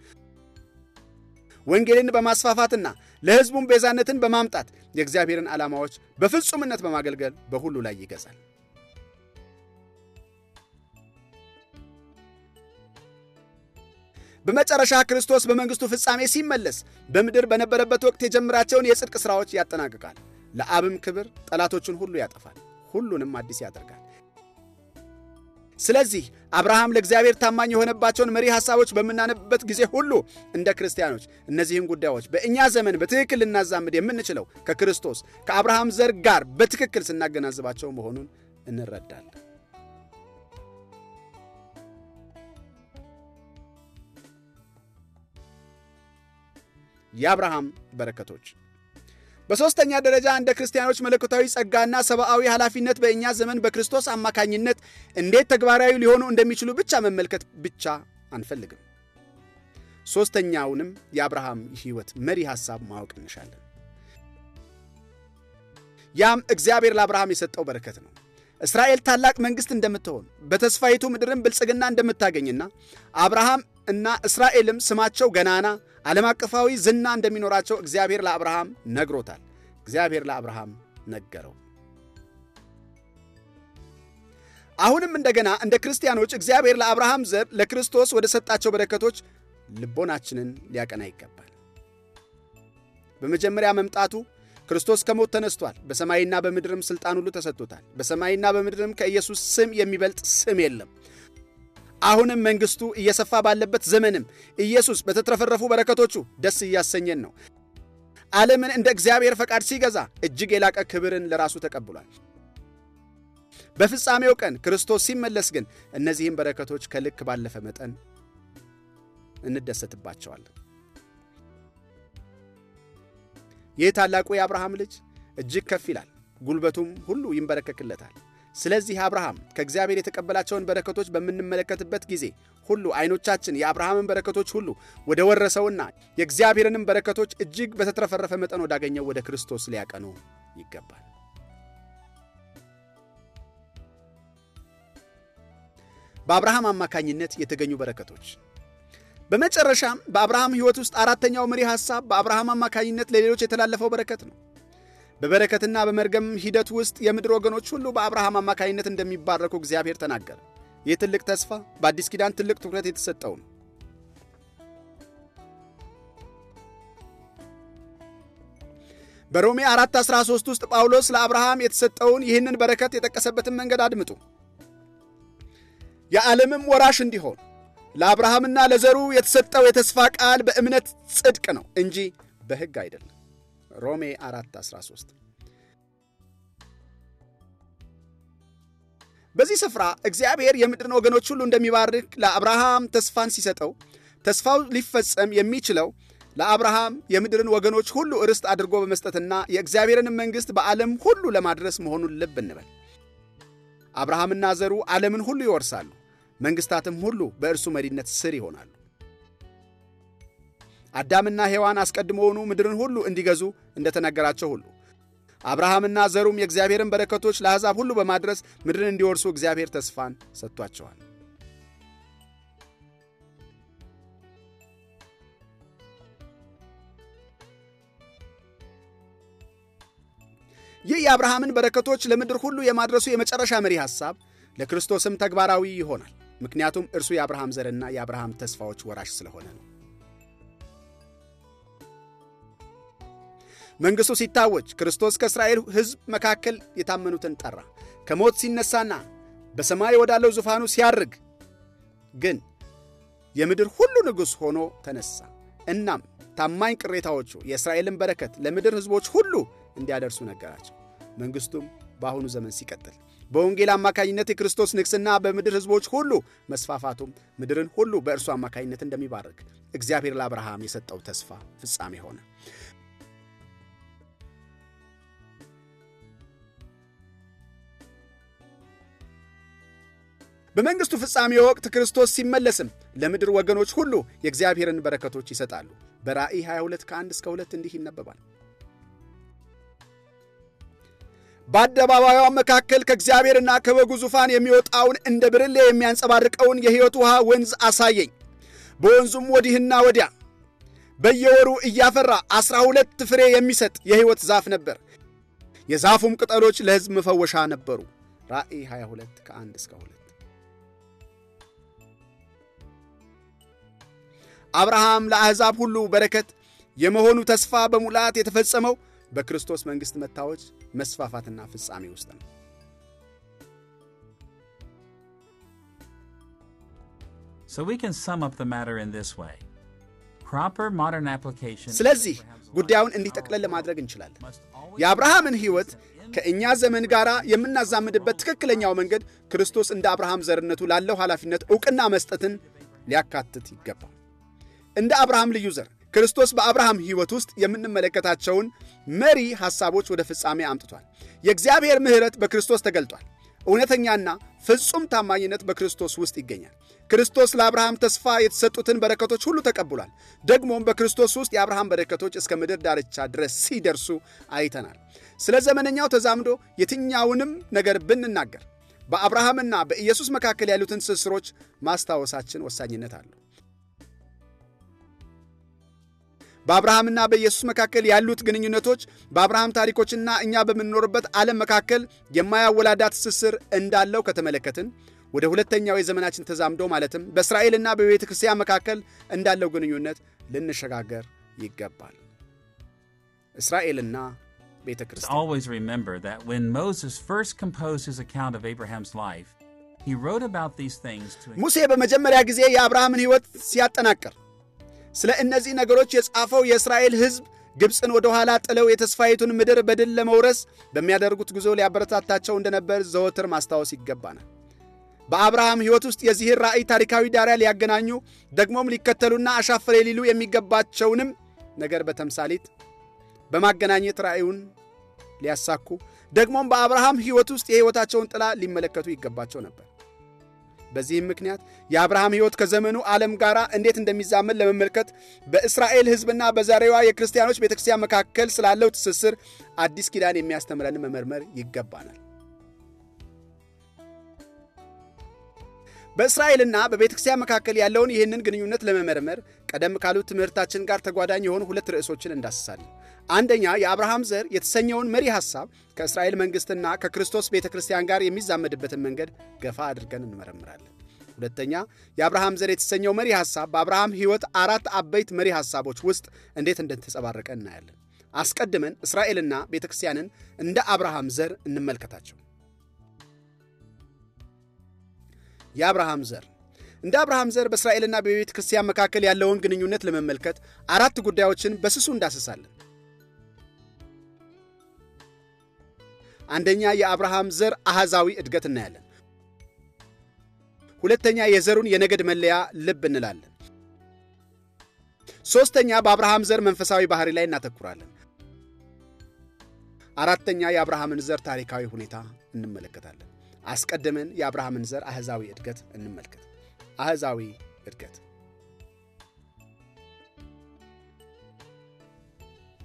A: ወንጌልን በማስፋፋትና ለሕዝቡም ቤዛነትን በማምጣት የእግዚአብሔርን ዓላማዎች በፍጹምነት በማገልገል በሁሉ ላይ ይገዛል። በመጨረሻ ክርስቶስ በመንግሥቱ ፍጻሜ ሲመለስ በምድር በነበረበት ወቅት የጀምራቸውን የጽድቅ ሥራዎች ያጠናቅቃል። ለአብም ክብር ጠላቶቹን ሁሉ ያጠፋል፣ ሁሉንም አዲስ ያደርጋል። ስለዚህ አብርሃም ለእግዚአብሔር ታማኝ የሆነባቸውን መሪ ሐሳቦች በምናነብበት ጊዜ ሁሉ እንደ ክርስቲያኖች እነዚህን ጉዳዮች በእኛ ዘመን በትክክል ልናዛምድ የምንችለው ከክርስቶስ ከአብርሃም ዘር ጋር በትክክል ስናገናዝባቸው መሆኑን እንረዳለን። የአብርሃም በረከቶች። በሦስተኛ ደረጃ እንደ ክርስቲያኖች መለኮታዊ ጸጋና ሰብአዊ ኃላፊነት በእኛ ዘመን በክርስቶስ አማካኝነት እንዴት ተግባራዊ ሊሆኑ እንደሚችሉ ብቻ መመልከት ብቻ አንፈልግም። ሦስተኛውንም የአብርሃም ሕይወት መሪ ሐሳብ ማወቅ እንሻለን። ያም እግዚአብሔር ለአብርሃም የሰጠው በረከት ነው። እስራኤል ታላቅ መንግሥት እንደምትሆን በተስፋይቱ ምድርም ብልጽግና እንደምታገኝና አብርሃም እና እስራኤልም ስማቸው ገናና ዓለም አቀፋዊ ዝና እንደሚኖራቸው እግዚአብሔር ለአብርሃም ነግሮታል። እግዚአብሔር ለአብርሃም ነገረው። አሁንም እንደገና እንደ ክርስቲያኖች እግዚአብሔር ለአብርሃም ዘር ለክርስቶስ ወደ ሰጣቸው በረከቶች ልቦናችንን ሊያቀና ይገባል። በመጀመሪያ መምጣቱ ክርስቶስ ከሞት ተነስቷል። በሰማይና በምድርም ሥልጣን ሁሉ ተሰጥቶታል። በሰማይና በምድርም ከኢየሱስ ስም የሚበልጥ ስም የለም። አሁንም መንግስቱ እየሰፋ ባለበት ዘመንም ኢየሱስ በተትረፈረፉ በረከቶቹ ደስ እያሰኘን ነው። ዓለምን እንደ እግዚአብሔር ፈቃድ ሲገዛ እጅግ የላቀ ክብርን ለራሱ ተቀብሏል። በፍጻሜው ቀን ክርስቶስ ሲመለስ ግን እነዚህም በረከቶች ከልክ ባለፈ መጠን እንደሰትባቸዋለን። ይህ ታላቁ የአብርሃም ልጅ እጅግ ከፍ ይላል፣ ጉልበቱም ሁሉ ይንበረከክለታል። ስለዚህ አብርሃም ከእግዚአብሔር የተቀበላቸውን በረከቶች በምንመለከትበት ጊዜ ሁሉ አይኖቻችን የአብርሃምን በረከቶች ሁሉ ወደ ወረሰውና የእግዚአብሔርንም በረከቶች እጅግ በተትረፈረፈ መጠን ወዳገኘው ወደ ክርስቶስ ሊያቀኑ ይገባል። በአብርሃም አማካኝነት የተገኙ በረከቶች። በመጨረሻም በአብርሃም ሕይወት ውስጥ አራተኛው መሪ ሐሳብ በአብርሃም አማካኝነት ለሌሎች የተላለፈው በረከት ነው። በበረከትና በመርገም ሂደት ውስጥ የምድር ወገኖች ሁሉ በአብርሃም አማካይነት እንደሚባረኩ እግዚአብሔር ተናገረ። ይህ ትልቅ ተስፋ በአዲስ ኪዳን ትልቅ ትኩረት የተሰጠው ነው። በሮሜ 13 ውስጥ ጳውሎስ ለአብርሃም የተሰጠውን ይህንን በረከት የጠቀሰበትን መንገድ አድምጡ። የዓለምም ወራሽ እንዲሆን ለአብርሃምና ለዘሩ የተሰጠው የተስፋ ቃል በእምነት ጽድቅ ነው እንጂ በሕግ አይደለም። ሮሜ 4 13 በዚህ ስፍራ እግዚአብሔር የምድርን ወገኖች ሁሉ እንደሚባርክ ለአብርሃም ተስፋን ሲሰጠው ተስፋው ሊፈጸም የሚችለው ለአብርሃም የምድርን ወገኖች ሁሉ ርስት አድርጎ በመስጠትና የእግዚአብሔርን መንግሥት በዓለም ሁሉ ለማድረስ መሆኑን ልብ እንበል። አብርሃምና ዘሩ ዓለምን ሁሉ ይወርሳሉ፣ መንግሥታትም ሁሉ በእርሱ መሪነት ስር ይሆናሉ። አዳምና ሔዋን አስቀድሞውኑ ምድርን ሁሉ እንዲገዙ እንደተነገራቸው ሁሉ አብርሃምና ዘሩም የእግዚአብሔርን በረከቶች ለአሕዛብ ሁሉ በማድረስ ምድርን እንዲወርሱ እግዚአብሔር ተስፋን ሰጥቷቸዋል። ይህ የአብርሃምን በረከቶች ለምድር ሁሉ የማድረሱ የመጨረሻ መሪ ሐሳብ ለክርስቶስም ተግባራዊ ይሆናል። ምክንያቱም እርሱ የአብርሃም ዘርና የአብርሃም ተስፋዎች ወራሽ ስለሆነ ነው። መንግሥቱ ሲታወጅ ክርስቶስ ከእስራኤል ሕዝብ መካከል የታመኑትን ጠራ። ከሞት ሲነሳና በሰማይ ወዳለው ዙፋኑ ሲያርግ ግን የምድር ሁሉ ንጉሥ ሆኖ ተነሳ። እናም ታማኝ ቅሬታዎቹ የእስራኤልን በረከት ለምድር ሕዝቦች ሁሉ እንዲያደርሱ ነገራቸው። መንግሥቱም በአሁኑ ዘመን ሲቀጥል በወንጌል አማካኝነት የክርስቶስ ንግሥና በምድር ሕዝቦች ሁሉ መስፋፋቱም ምድርን ሁሉ በእርሱ አማካኝነት እንደሚባርክ እግዚአብሔር ለአብርሃም የሰጠው ተስፋ ፍጻሜ ሆነ። በመንግሥቱ ፍጻሜ ወቅት ክርስቶስ ሲመለስም ለምድር ወገኖች ሁሉ የእግዚአብሔርን በረከቶች ይሰጣሉ። በራእይ 22 ከ1 እስከ 2 እንዲህ ይነበባል። በአደባባዩ መካከል ከእግዚአብሔርና ከበጉ ዙፋን የሚወጣውን እንደ ብርሌ የሚያንጸባርቀውን የሕይወት ውሃ ወንዝ አሳየኝ። በወንዙም ወዲህና ወዲያ በየወሩ እያፈራ ዐሥራ ሁለት ፍሬ የሚሰጥ የሕይወት ዛፍ ነበር። የዛፉም ቅጠሎች ለሕዝብ መፈወሻ ነበሩ። ራእይ 22 ከ1 እስከ 2 አብርሃም ለአሕዛብ ሁሉ በረከት የመሆኑ ተስፋ በሙላት የተፈጸመው በክርስቶስ መንግሥት መታወጅ መስፋፋትና ፍጻሜ ውስጥ ነው። ስለዚህ ጉዳዩን እንዲጠቅለል ለማድረግ እንችላለን። የአብርሃምን ሕይወት ከእኛ ዘመን ጋር የምናዛምድበት ትክክለኛው መንገድ ክርስቶስ እንደ አብርሃም ዘርነቱ ላለው ኃላፊነት ዕውቅና መስጠትን ሊያካትት ይገባል። እንደ አብርሃም ልዩ ዘር ክርስቶስ በአብርሃም ሕይወት ውስጥ የምንመለከታቸውን መሪ ሐሳቦች ወደ ፍጻሜ አምጥቷል። የእግዚአብሔር ምሕረት በክርስቶስ ተገልጧል። እውነተኛና ፍጹም ታማኝነት በክርስቶስ ውስጥ ይገኛል። ክርስቶስ ለአብርሃም ተስፋ የተሰጡትን በረከቶች ሁሉ ተቀብሏል። ደግሞም በክርስቶስ ውስጥ የአብርሃም በረከቶች እስከ ምድር ዳርቻ ድረስ ሲደርሱ አይተናል። ስለ ዘመነኛው ተዛምዶ የትኛውንም ነገር ብንናገር በአብርሃምና በኢየሱስ መካከል ያሉትን ትስስሮች ማስታወሳችን ወሳኝነት አለው። በአብርሃምና በኢየሱስ መካከል ያሉት ግንኙነቶች በአብርሃም ታሪኮችና እኛ በምንኖርበት ዓለም መካከል የማያወላዳ ትስስር እንዳለው ከተመለከትን ወደ ሁለተኛው የዘመናችን ተዛምዶ ማለትም በእስራኤልና በቤተ ክርስቲያን መካከል እንዳለው ግንኙነት ልንሸጋገር ይገባል።
B: እስራኤልና ቤተ ክርስቲያን Always remember that when Moses first composed his account of Abraham's life, he wrote about these things to ሙሴ በመጀመሪያ
A: ጊዜ የአብርሃምን ሕይወት ሲያጠናቅር ስለ እነዚህ ነገሮች የጻፈው የእስራኤል ሕዝብ ግብፅን ወደ ኋላ ጥለው የተስፋይቱን ምድር በድል ለመውረስ በሚያደርጉት ጉዞ ሊያበረታታቸው እንደነበር ዘወትር ማስታወስ ይገባናል። በአብርሃም ሕይወት ውስጥ የዚህን ራእይ ታሪካዊ ዳሪያ ሊያገናኙ ደግሞም ሊከተሉና አሻፈሬ ሊሉ የሚገባቸውንም ነገር በተምሳሌት በማገናኘት ራእዩን ሊያሳኩ ደግሞም በአብርሃም ሕይወት ውስጥ የሕይወታቸውን ጥላ ሊመለከቱ ይገባቸው ነበር። በዚህም ምክንያት የአብርሃም ሕይወት ከዘመኑ ዓለም ጋር እንዴት እንደሚዛመን ለመመልከት በእስራኤል ሕዝብና በዛሬዋ የክርስቲያኖች ቤተክርስቲያን መካከል ስላለው ትስስር አዲስ ኪዳን የሚያስተምረን መመርመር ይገባናል። በእስራኤልና በቤተክርስቲያን መካከል ያለውን ይህንን ግንኙነት ለመመርመር ቀደም ካሉት ትምህርታችን ጋር ተጓዳኝ የሆኑ ሁለት ርዕሶችን እንዳስሳለን። አንደኛ የአብርሃም ዘር የተሰኘውን መሪ ሐሳብ ከእስራኤል መንግሥትና ከክርስቶስ ቤተ ክርስቲያን ጋር የሚዛመድበትን መንገድ ገፋ አድርገን እንመረምራለን። ሁለተኛ የአብርሃም ዘር የተሰኘው መሪ ሐሳብ በአብርሃም ሕይወት አራት አበይት መሪ ሐሳቦች ውስጥ እንዴት እንደተጸባረቀ እናያለን። አስቀድመን እስራኤልና ቤተ ክርስቲያንን እንደ አብርሃም ዘር እንመልከታቸው። የአብርሃም ዘር እንደ አብርሃም ዘር በእስራኤልና በቤተ ክርስቲያን መካከል ያለውን ግንኙነት ለመመልከት አራት ጉዳዮችን በስሱ እንዳስሳለን። አንደኛ የአብርሃም ዘር አሕዛዊ እድገት እናያለን። ሁለተኛ የዘሩን የነገድ መለያ ልብ እንላለን። ሦስተኛ በአብርሃም ዘር መንፈሳዊ ባህሪ ላይ እናተኩራለን። አራተኛ የአብርሃምን ዘር ታሪካዊ ሁኔታ እንመለከታለን። አስቀድመን የአብርሃምን ዘር አሕዛዊ እድገት እንመልከት። አሕዛዊ እድገት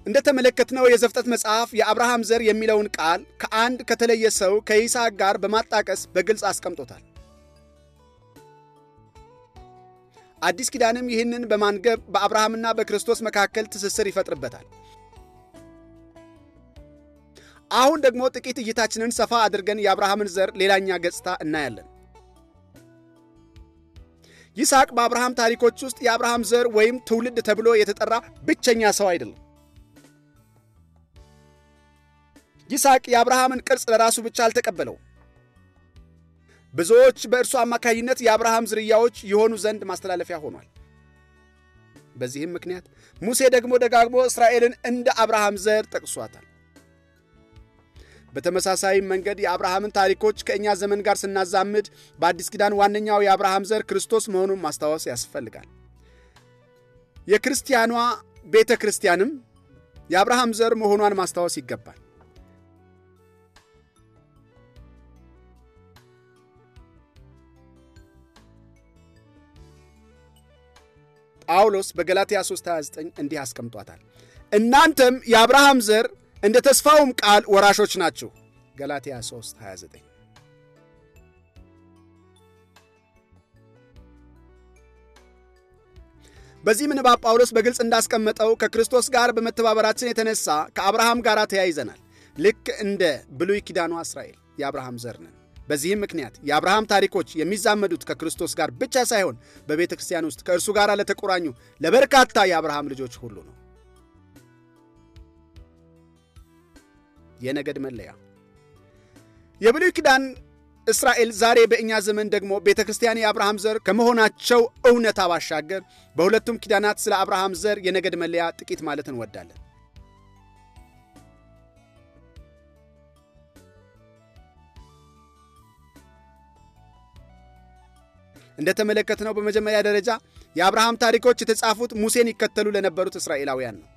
A: እንደተመለከትነው የዘፍጠት መጽሐፍ የአብርሃም ዘር የሚለውን ቃል ከአንድ ከተለየ ሰው ከይስሐቅ ጋር በማጣቀስ በግልጽ አስቀምጦታል። አዲስ ኪዳንም ይህንን በማንገብ በአብርሃምና በክርስቶስ መካከል ትስስር ይፈጥርበታል። አሁን ደግሞ ጥቂት እይታችንን ሰፋ አድርገን የአብርሃምን ዘር ሌላኛ ገጽታ እናያለን። ይስሐቅ በአብርሃም ታሪኮች ውስጥ የአብርሃም ዘር ወይም ትውልድ ተብሎ የተጠራ ብቸኛ ሰው አይደለም። ይስሐቅ የአብርሃምን ቅርጽ ለራሱ ብቻ አልተቀበለው። ብዙዎች በእርሱ አማካኝነት የአብርሃም ዝርያዎች የሆኑ ዘንድ ማስተላለፊያ ሆኗል። በዚህም ምክንያት ሙሴ ደግሞ ደጋግሞ እስራኤልን እንደ አብርሃም ዘር ጠቅሷታል። በተመሳሳይ መንገድ የአብርሃምን ታሪኮች ከእኛ ዘመን ጋር ስናዛምድ በአዲስ ኪዳን ዋነኛው የአብርሃም ዘር ክርስቶስ መሆኑን ማስታወስ ያስፈልጋል። የክርስቲያኗ ቤተ ክርስቲያንም የአብርሃም ዘር መሆኗን ማስታወስ ይገባል። ጳውሎስ በገላትያ 3 29 እንዲህ አስቀምጧታል። እናንተም የአብርሃም ዘር እንደ ተስፋውም ቃል ወራሾች ናችሁ። ገላትያ 29 በዚህ ምንባብ ጳውሎስ በግልጽ እንዳስቀመጠው ከክርስቶስ ጋር በመተባበራችን የተነሳ ከአብርሃም ጋር ተያይዘናል። ልክ እንደ ብሉይ ኪዳኗ እስራኤል የአብርሃም ዘር ነን። በዚህም ምክንያት የአብርሃም ታሪኮች የሚዛመዱት ከክርስቶስ ጋር ብቻ ሳይሆን በቤተ ክርስቲያን ውስጥ ከእርሱ ጋር ለተቆራኙ ለበርካታ የአብርሃም ልጆች ሁሉ ነው። የነገድ መለያ የብሉይ ኪዳን እስራኤል ዛሬ በእኛ ዘመን ደግሞ ቤተ ክርስቲያን የአብርሃም ዘር ከመሆናቸው እውነታ ባሻገር በሁለቱም ኪዳናት ስለ አብርሃም ዘር የነገድ መለያ ጥቂት ማለት እንወዳለን። እንደተመለከትነው በመጀመሪያ ደረጃ የአብርሃም ታሪኮች የተጻፉት ሙሴን ይከተሉ ለነበሩት እስራኤላውያን ነው።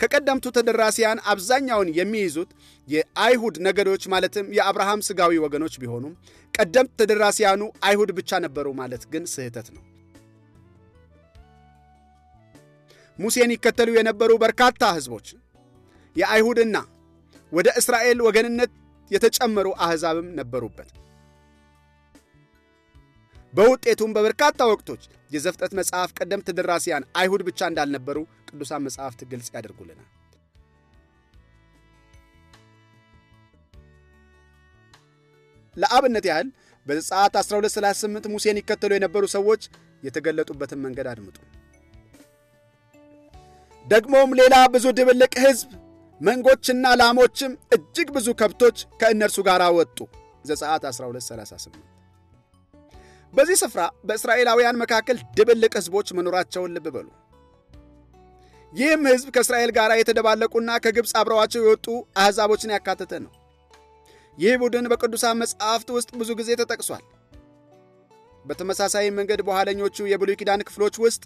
A: ከቀደምቱ ተደራሲያን አብዛኛውን የሚይዙት የአይሁድ ነገዶች ማለትም የአብርሃም ስጋዊ ወገኖች ቢሆኑም ቀደምት ተደራሲያኑ አይሁድ ብቻ ነበሩ ማለት ግን ስህተት ነው። ሙሴን ይከተሉ የነበሩ በርካታ ሕዝቦች የአይሁድና ወደ እስራኤል ወገንነት የተጨመሩ አሕዛብም ነበሩበት። በውጤቱም በበርካታ ወቅቶች የዘፍጥረት መጽሐፍ ቀደምት ደራሲያን አይሁድ ብቻ እንዳልነበሩ ቅዱሳን መጽሐፍት ግልጽ ያደርጉልናል። ለአብነት ያህል በዘጸአት 1238 ሙሴን ይከተሉ የነበሩ ሰዎች የተገለጡበትን መንገድ አድምጡ። ደግሞም ሌላ ብዙ ድብልቅ ሕዝብ መንጎችና ላሞችም እጅግ ብዙ ከብቶች ከእነርሱ ጋር ወጡ። ዘጸአት 1238 በዚህ ስፍራ በእስራኤላውያን መካከል ድብልቅ ሕዝቦች መኖራቸውን ልብ በሉ። ይህም ሕዝብ ከእስራኤል ጋር የተደባለቁና ከግብፅ አብረዋቸው የወጡ አሕዛቦችን ያካተተ ነው። ይህ ቡድን በቅዱሳን መጽሐፍት ውስጥ ብዙ ጊዜ ተጠቅሷል። በተመሳሳይ መንገድ በኋለኞቹ የብሉይ ኪዳን ክፍሎች ውስጥ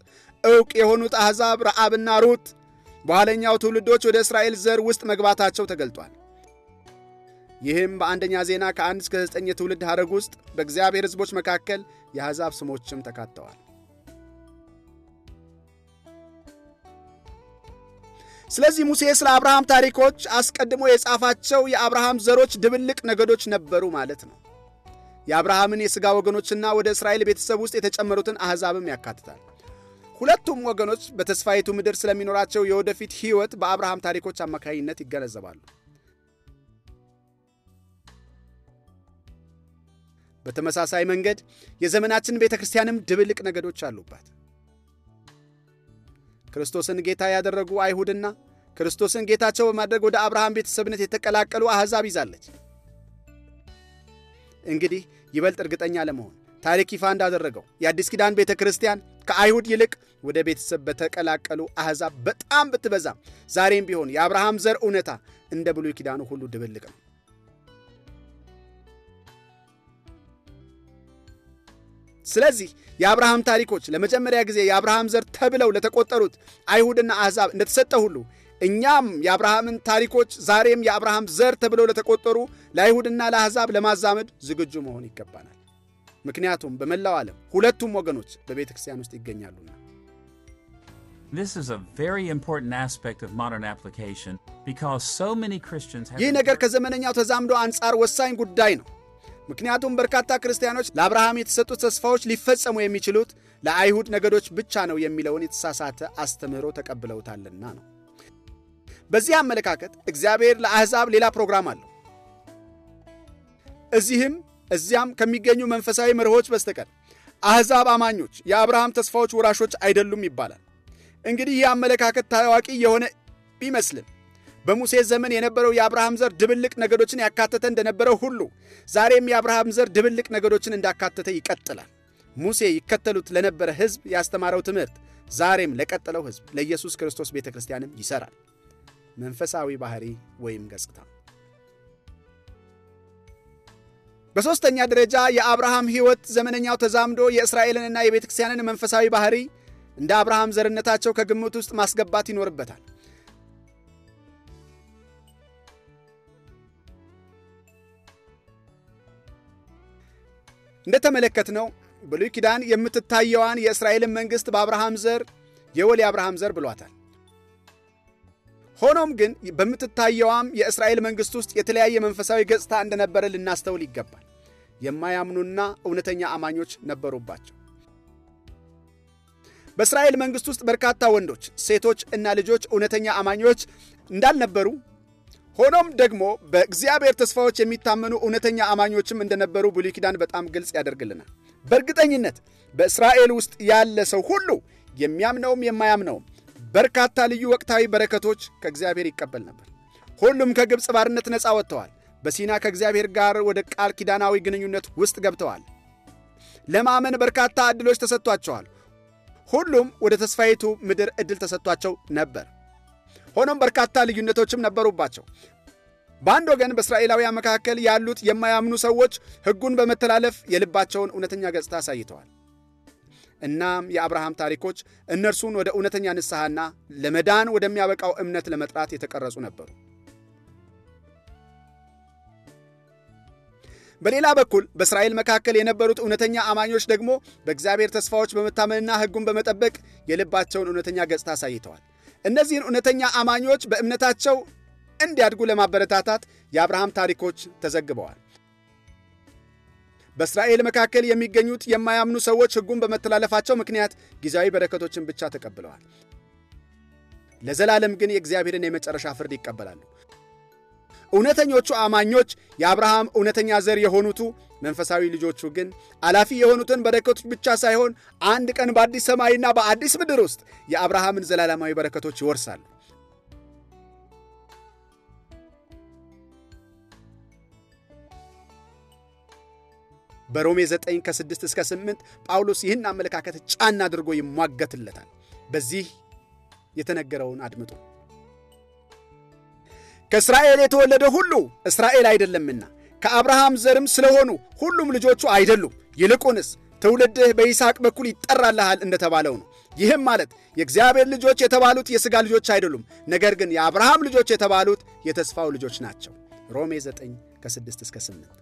A: ዕውቅ የሆኑት አሕዛብ ረዓብና ሩት በኋለኛው ትውልዶች ወደ እስራኤል ዘር ውስጥ መግባታቸው ተገልጧል። ይህም በአንደኛ ዜና ከ ከ1 እስከ 9 የትውልድ ሐረግ ውስጥ በእግዚአብሔር ሕዝቦች መካከል የአሕዛብ ስሞችም ተካተዋል። ስለዚህ ሙሴ ስለ አብርሃም ታሪኮች አስቀድሞ የጻፋቸው የአብርሃም ዘሮች ድብልቅ ነገዶች ነበሩ ማለት ነው። የአብርሃምን የሥጋ ወገኖችና ወደ እስራኤል ቤተሰብ ውስጥ የተጨመሩትን አሕዛብም ያካትታል። ሁለቱም ወገኖች በተስፋይቱ ምድር ስለሚኖራቸው የወደፊት ሕይወት በአብርሃም ታሪኮች አማካኝነት ይገነዘባሉ። በተመሳሳይ መንገድ የዘመናችን ቤተ ክርስቲያንም ድብልቅ ነገዶች አሉባት። ክርስቶስን ጌታ ያደረጉ አይሁድና ክርስቶስን ጌታቸው በማድረግ ወደ አብርሃም ቤተሰብነት የተቀላቀሉ አሕዛብ ይዛለች። እንግዲህ ይበልጥ እርግጠኛ ለመሆን ታሪክ ይፋ እንዳደረገው የአዲስ ኪዳን ቤተ ክርስቲያን ከአይሁድ ይልቅ ወደ ቤተሰብ በተቀላቀሉ አሕዛብ በጣም ብትበዛም ዛሬም ቢሆን የአብርሃም ዘር እውነታ እንደ ብሉይ ኪዳኑ ሁሉ ድብልቅ ነው። ስለዚህ የአብርሃም ታሪኮች ለመጀመሪያ ጊዜ የአብርሃም ዘር ተብለው ለተቆጠሩት አይሁድና አሕዛብ እንደተሰጠ ሁሉ እኛም የአብርሃምን ታሪኮች ዛሬም የአብርሃም ዘር ተብለው ለተቆጠሩ ለአይሁድና ለአሕዛብ ለማዛመድ ዝግጁ መሆን ይገባናል። ምክንያቱም በመላው ዓለም ሁለቱም ወገኖች በቤተ ክርስቲያን ውስጥ ይገኛሉና። ይህ ነገር ከዘመነኛው ተዛምዶ አንጻር ወሳኝ ጉዳይ ነው። ምክንያቱም በርካታ ክርስቲያኖች ለአብርሃም የተሰጡት ተስፋዎች ሊፈጸሙ የሚችሉት ለአይሁድ ነገዶች ብቻ ነው የሚለውን የተሳሳተ አስተምህሮ ተቀብለውታልና ነው። በዚህ አመለካከት እግዚአብሔር ለአሕዛብ ሌላ ፕሮግራም አለው። እዚህም እዚያም ከሚገኙ መንፈሳዊ መርሆች በስተቀር አሕዛብ አማኞች የአብርሃም ተስፋዎች ወራሾች አይደሉም ይባላል። እንግዲህ ይህ አመለካከት ታዋቂ የሆነ ቢመስልም በሙሴ ዘመን የነበረው የአብርሃም ዘር ድብልቅ ነገዶችን ያካተተ እንደነበረው ሁሉ ዛሬም የአብርሃም ዘር ድብልቅ ነገዶችን እንዳካተተ ይቀጥላል። ሙሴ ይከተሉት ለነበረ ሕዝብ ያስተማረው ትምህርት ዛሬም ለቀጠለው ሕዝብ ለኢየሱስ ክርስቶስ ቤተ ክርስቲያንም ይሠራል። መንፈሳዊ ባህሪ ወይም ገጽታ። በሦስተኛ ደረጃ የአብርሃም ሕይወት ዘመነኛው ተዛምዶ የእስራኤልንና የቤተ ክርስቲያንን መንፈሳዊ ባህሪ እንደ አብርሃም ዘርነታቸው ከግምት ውስጥ ማስገባት ይኖርበታል። እንደተመለከትነው ብሉይ ኪዳን የምትታየዋን የእስራኤልን መንግሥት በአብርሃም ዘር የወል የአብርሃም ዘር ብሏታል። ሆኖም ግን በምትታየዋም የእስራኤል መንግሥት ውስጥ የተለያየ መንፈሳዊ ገጽታ እንደነበረ ልናስተውል ይገባል። የማያምኑና እውነተኛ አማኞች ነበሩባቸው። በእስራኤል መንግሥት ውስጥ በርካታ ወንዶች፣ ሴቶች እና ልጆች እውነተኛ አማኞች እንዳልነበሩ ሆኖም ደግሞ በእግዚአብሔር ተስፋዎች የሚታመኑ እውነተኛ አማኞችም እንደነበሩ ብሉይ ኪዳን በጣም ግልጽ ያደርግልናል። በእርግጠኝነት በእስራኤል ውስጥ ያለ ሰው ሁሉ የሚያምነውም የማያምነውም በርካታ ልዩ ወቅታዊ በረከቶች ከእግዚአብሔር ይቀበል ነበር። ሁሉም ከግብፅ ባርነት ነፃ ወጥተዋል። በሲና ከእግዚአብሔር ጋር ወደ ቃል ኪዳናዊ ግንኙነት ውስጥ ገብተዋል። ለማመን በርካታ ዕድሎች ተሰጥቷቸዋል። ሁሉም ወደ ተስፋይቱ ምድር ዕድል ተሰጥቷቸው ነበር። ሆኖም በርካታ ልዩነቶችም ነበሩባቸው። በአንድ ወገን በእስራኤላውያን መካከል ያሉት የማያምኑ ሰዎች ሕጉን በመተላለፍ የልባቸውን እውነተኛ ገጽታ አሳይተዋል። እናም የአብርሃም ታሪኮች እነርሱን ወደ እውነተኛ ንስሐና ለመዳን ወደሚያበቃው እምነት ለመጥራት የተቀረጹ ነበሩ። በሌላ በኩል በእስራኤል መካከል የነበሩት እውነተኛ አማኞች ደግሞ በእግዚአብሔር ተስፋዎች በመታመንና ሕጉን በመጠበቅ የልባቸውን እውነተኛ ገጽታ አሳይተዋል። እነዚህን እውነተኛ አማኞች በእምነታቸው እንዲያድጉ ለማበረታታት የአብርሃም ታሪኮች ተዘግበዋል። በእስራኤል መካከል የሚገኙት የማያምኑ ሰዎች ሕጉን በመተላለፋቸው ምክንያት ጊዜያዊ በረከቶችን ብቻ ተቀብለዋል። ለዘላለም ግን የእግዚአብሔርን የመጨረሻ ፍርድ ይቀበላሉ። እውነተኞቹ አማኞች የአብርሃም እውነተኛ ዘር የሆኑቱ መንፈሳዊ ልጆቹ ግን አላፊ የሆኑትን በረከቶች ብቻ ሳይሆን አንድ ቀን በአዲስ ሰማይና በአዲስ ምድር ውስጥ የአብርሃምን ዘላለማዊ በረከቶች ይወርሳሉ። በሮሜ 9 ከ6 እስከ 8 ጳውሎስ ይህን አመለካከት ጫና አድርጎ ይሟገትለታል። በዚህ የተነገረውን አድምጡ። ከእስራኤል የተወለደ ሁሉ እስራኤል አይደለምና ከአብርሃም ዘርም ስለሆኑ ሁሉም ልጆቹ አይደሉም። ይልቁንስ ትውልድህ በይስሐቅ በኩል ይጠራልሃል እንደተባለው ነው። ይህም ማለት የእግዚአብሔር ልጆች የተባሉት የሥጋ ልጆች አይደሉም፣ ነገር ግን የአብርሃም ልጆች የተባሉት የተስፋው ልጆች ናቸው። ሮሜ 9 ከ6 እስከ 8።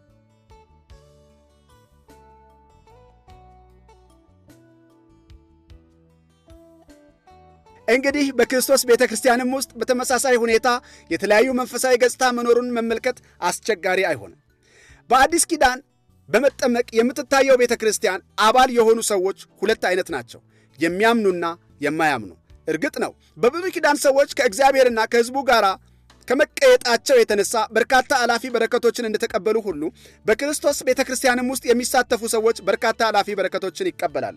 A: እንግዲህ በክርስቶስ ቤተ ክርስቲያንም ውስጥ በተመሳሳይ ሁኔታ የተለያዩ መንፈሳዊ ገጽታ መኖሩን መመልከት አስቸጋሪ አይሆንም። በአዲስ ኪዳን በመጠመቅ የምትታየው ቤተ ክርስቲያን አባል የሆኑ ሰዎች ሁለት አይነት ናቸው፣ የሚያምኑና የማያምኑ። እርግጥ ነው በብሉይ ኪዳን ሰዎች ከእግዚአብሔርና ከሕዝቡ ጋር ከመቀየጣቸው የተነሳ በርካታ አላፊ በረከቶችን እንደተቀበሉ ሁሉ በክርስቶስ ቤተ ክርስቲያንም ውስጥ የሚሳተፉ ሰዎች በርካታ አላፊ በረከቶችን ይቀበላሉ።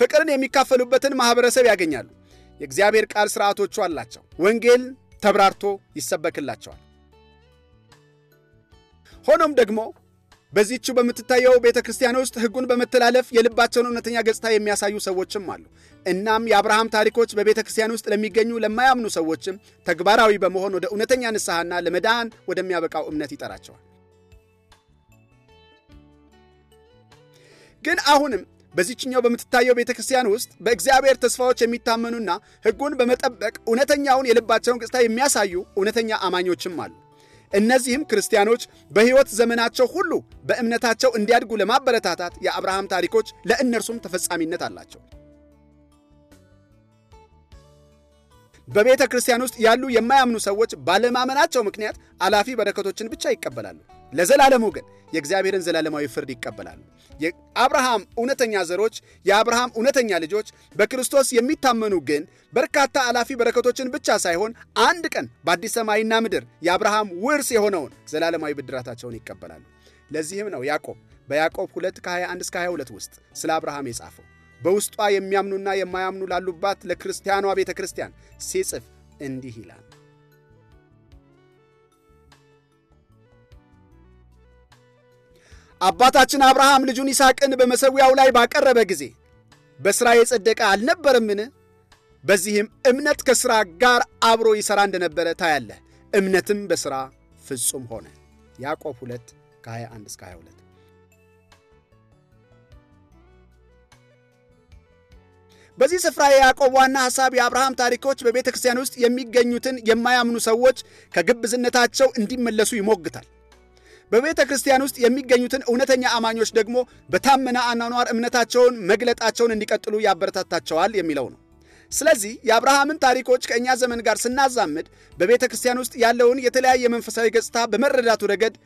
A: ፍቅርን የሚካፈሉበትን ማኅበረሰብ ያገኛሉ። የእግዚአብሔር ቃል ሥርዓቶቹ አላቸው። ወንጌል ተብራርቶ ይሰበክላቸዋል። ሆኖም ደግሞ በዚህች በምትታየው ቤተ ክርስቲያን ውስጥ ሕጉን በመተላለፍ የልባቸውን እውነተኛ ገጽታ የሚያሳዩ ሰዎችም አሉ። እናም የአብርሃም ታሪኮች በቤተ ክርስቲያን ውስጥ ለሚገኙ ለማያምኑ ሰዎችም ተግባራዊ በመሆን ወደ እውነተኛ ንስሐና ለመዳን ወደሚያበቃው እምነት ይጠራቸዋል። ግን አሁንም በዚችኛው በምትታየው ቤተ ክርስቲያን ውስጥ በእግዚአብሔር ተስፋዎች የሚታመኑና ሕጉን በመጠበቅ እውነተኛውን የልባቸውን ገጽታ የሚያሳዩ እውነተኛ አማኞችም አሉ። እነዚህም ክርስቲያኖች በሕይወት ዘመናቸው ሁሉ በእምነታቸው እንዲያድጉ ለማበረታታት የአብርሃም ታሪኮች ለእነርሱም ተፈጻሚነት አላቸው። በቤተ ክርስቲያን ውስጥ ያሉ የማያምኑ ሰዎች ባለማመናቸው ምክንያት አላፊ በረከቶችን ብቻ ይቀበላሉ። ለዘላለሙ ግን የእግዚአብሔርን ዘላለማዊ ፍርድ ይቀበላሉ። የአብርሃም እውነተኛ ዘሮች፣ የአብርሃም እውነተኛ ልጆች፣ በክርስቶስ የሚታመኑ ግን በርካታ አላፊ በረከቶችን ብቻ ሳይሆን አንድ ቀን በአዲስ ሰማይና ምድር የአብርሃም ውርስ የሆነውን ዘላለማዊ ብድራታቸውን ይቀበላሉ። ለዚህም ነው ያዕቆብ በያዕቆብ 2 ከ21 እስከ 22 ውስጥ ስለ አብርሃም የጻፈው። በውስጧ የሚያምኑና የማያምኑ ላሉባት ለክርስቲያኗ ቤተ ክርስቲያን ሲጽፍ እንዲህ ይላል አባታችን አብርሃም ልጁን ይስሐቅን በመሠዊያው ላይ ባቀረበ ጊዜ በሥራ የጸደቀ አልነበረምን? በዚህም እምነት ከሥራ ጋር አብሮ ይሠራ እንደነበረ ታያለህ። እምነትም በሥራ ፍጹም ሆነ። ያዕቆብ 2 ከ21 እስከ 22። በዚህ ስፍራ የያዕቆብ ዋና ሐሳብ የአብርሃም ታሪኮች በቤተ ክርስቲያን ውስጥ የሚገኙትን የማያምኑ ሰዎች ከግብዝነታቸው እንዲመለሱ ይሞግታል። በቤተ ክርስቲያን ውስጥ የሚገኙትን እውነተኛ አማኞች ደግሞ በታመነ አኗኗር እምነታቸውን መግለጣቸውን እንዲቀጥሉ ያበረታታቸዋል የሚለው ነው። ስለዚህ የአብርሃምን ታሪኮች ከእኛ ዘመን ጋር ስናዛምድ በቤተ ክርስቲያን ውስጥ ያለውን የተለያየ መንፈሳዊ ገጽታ በመረዳቱ ረገድ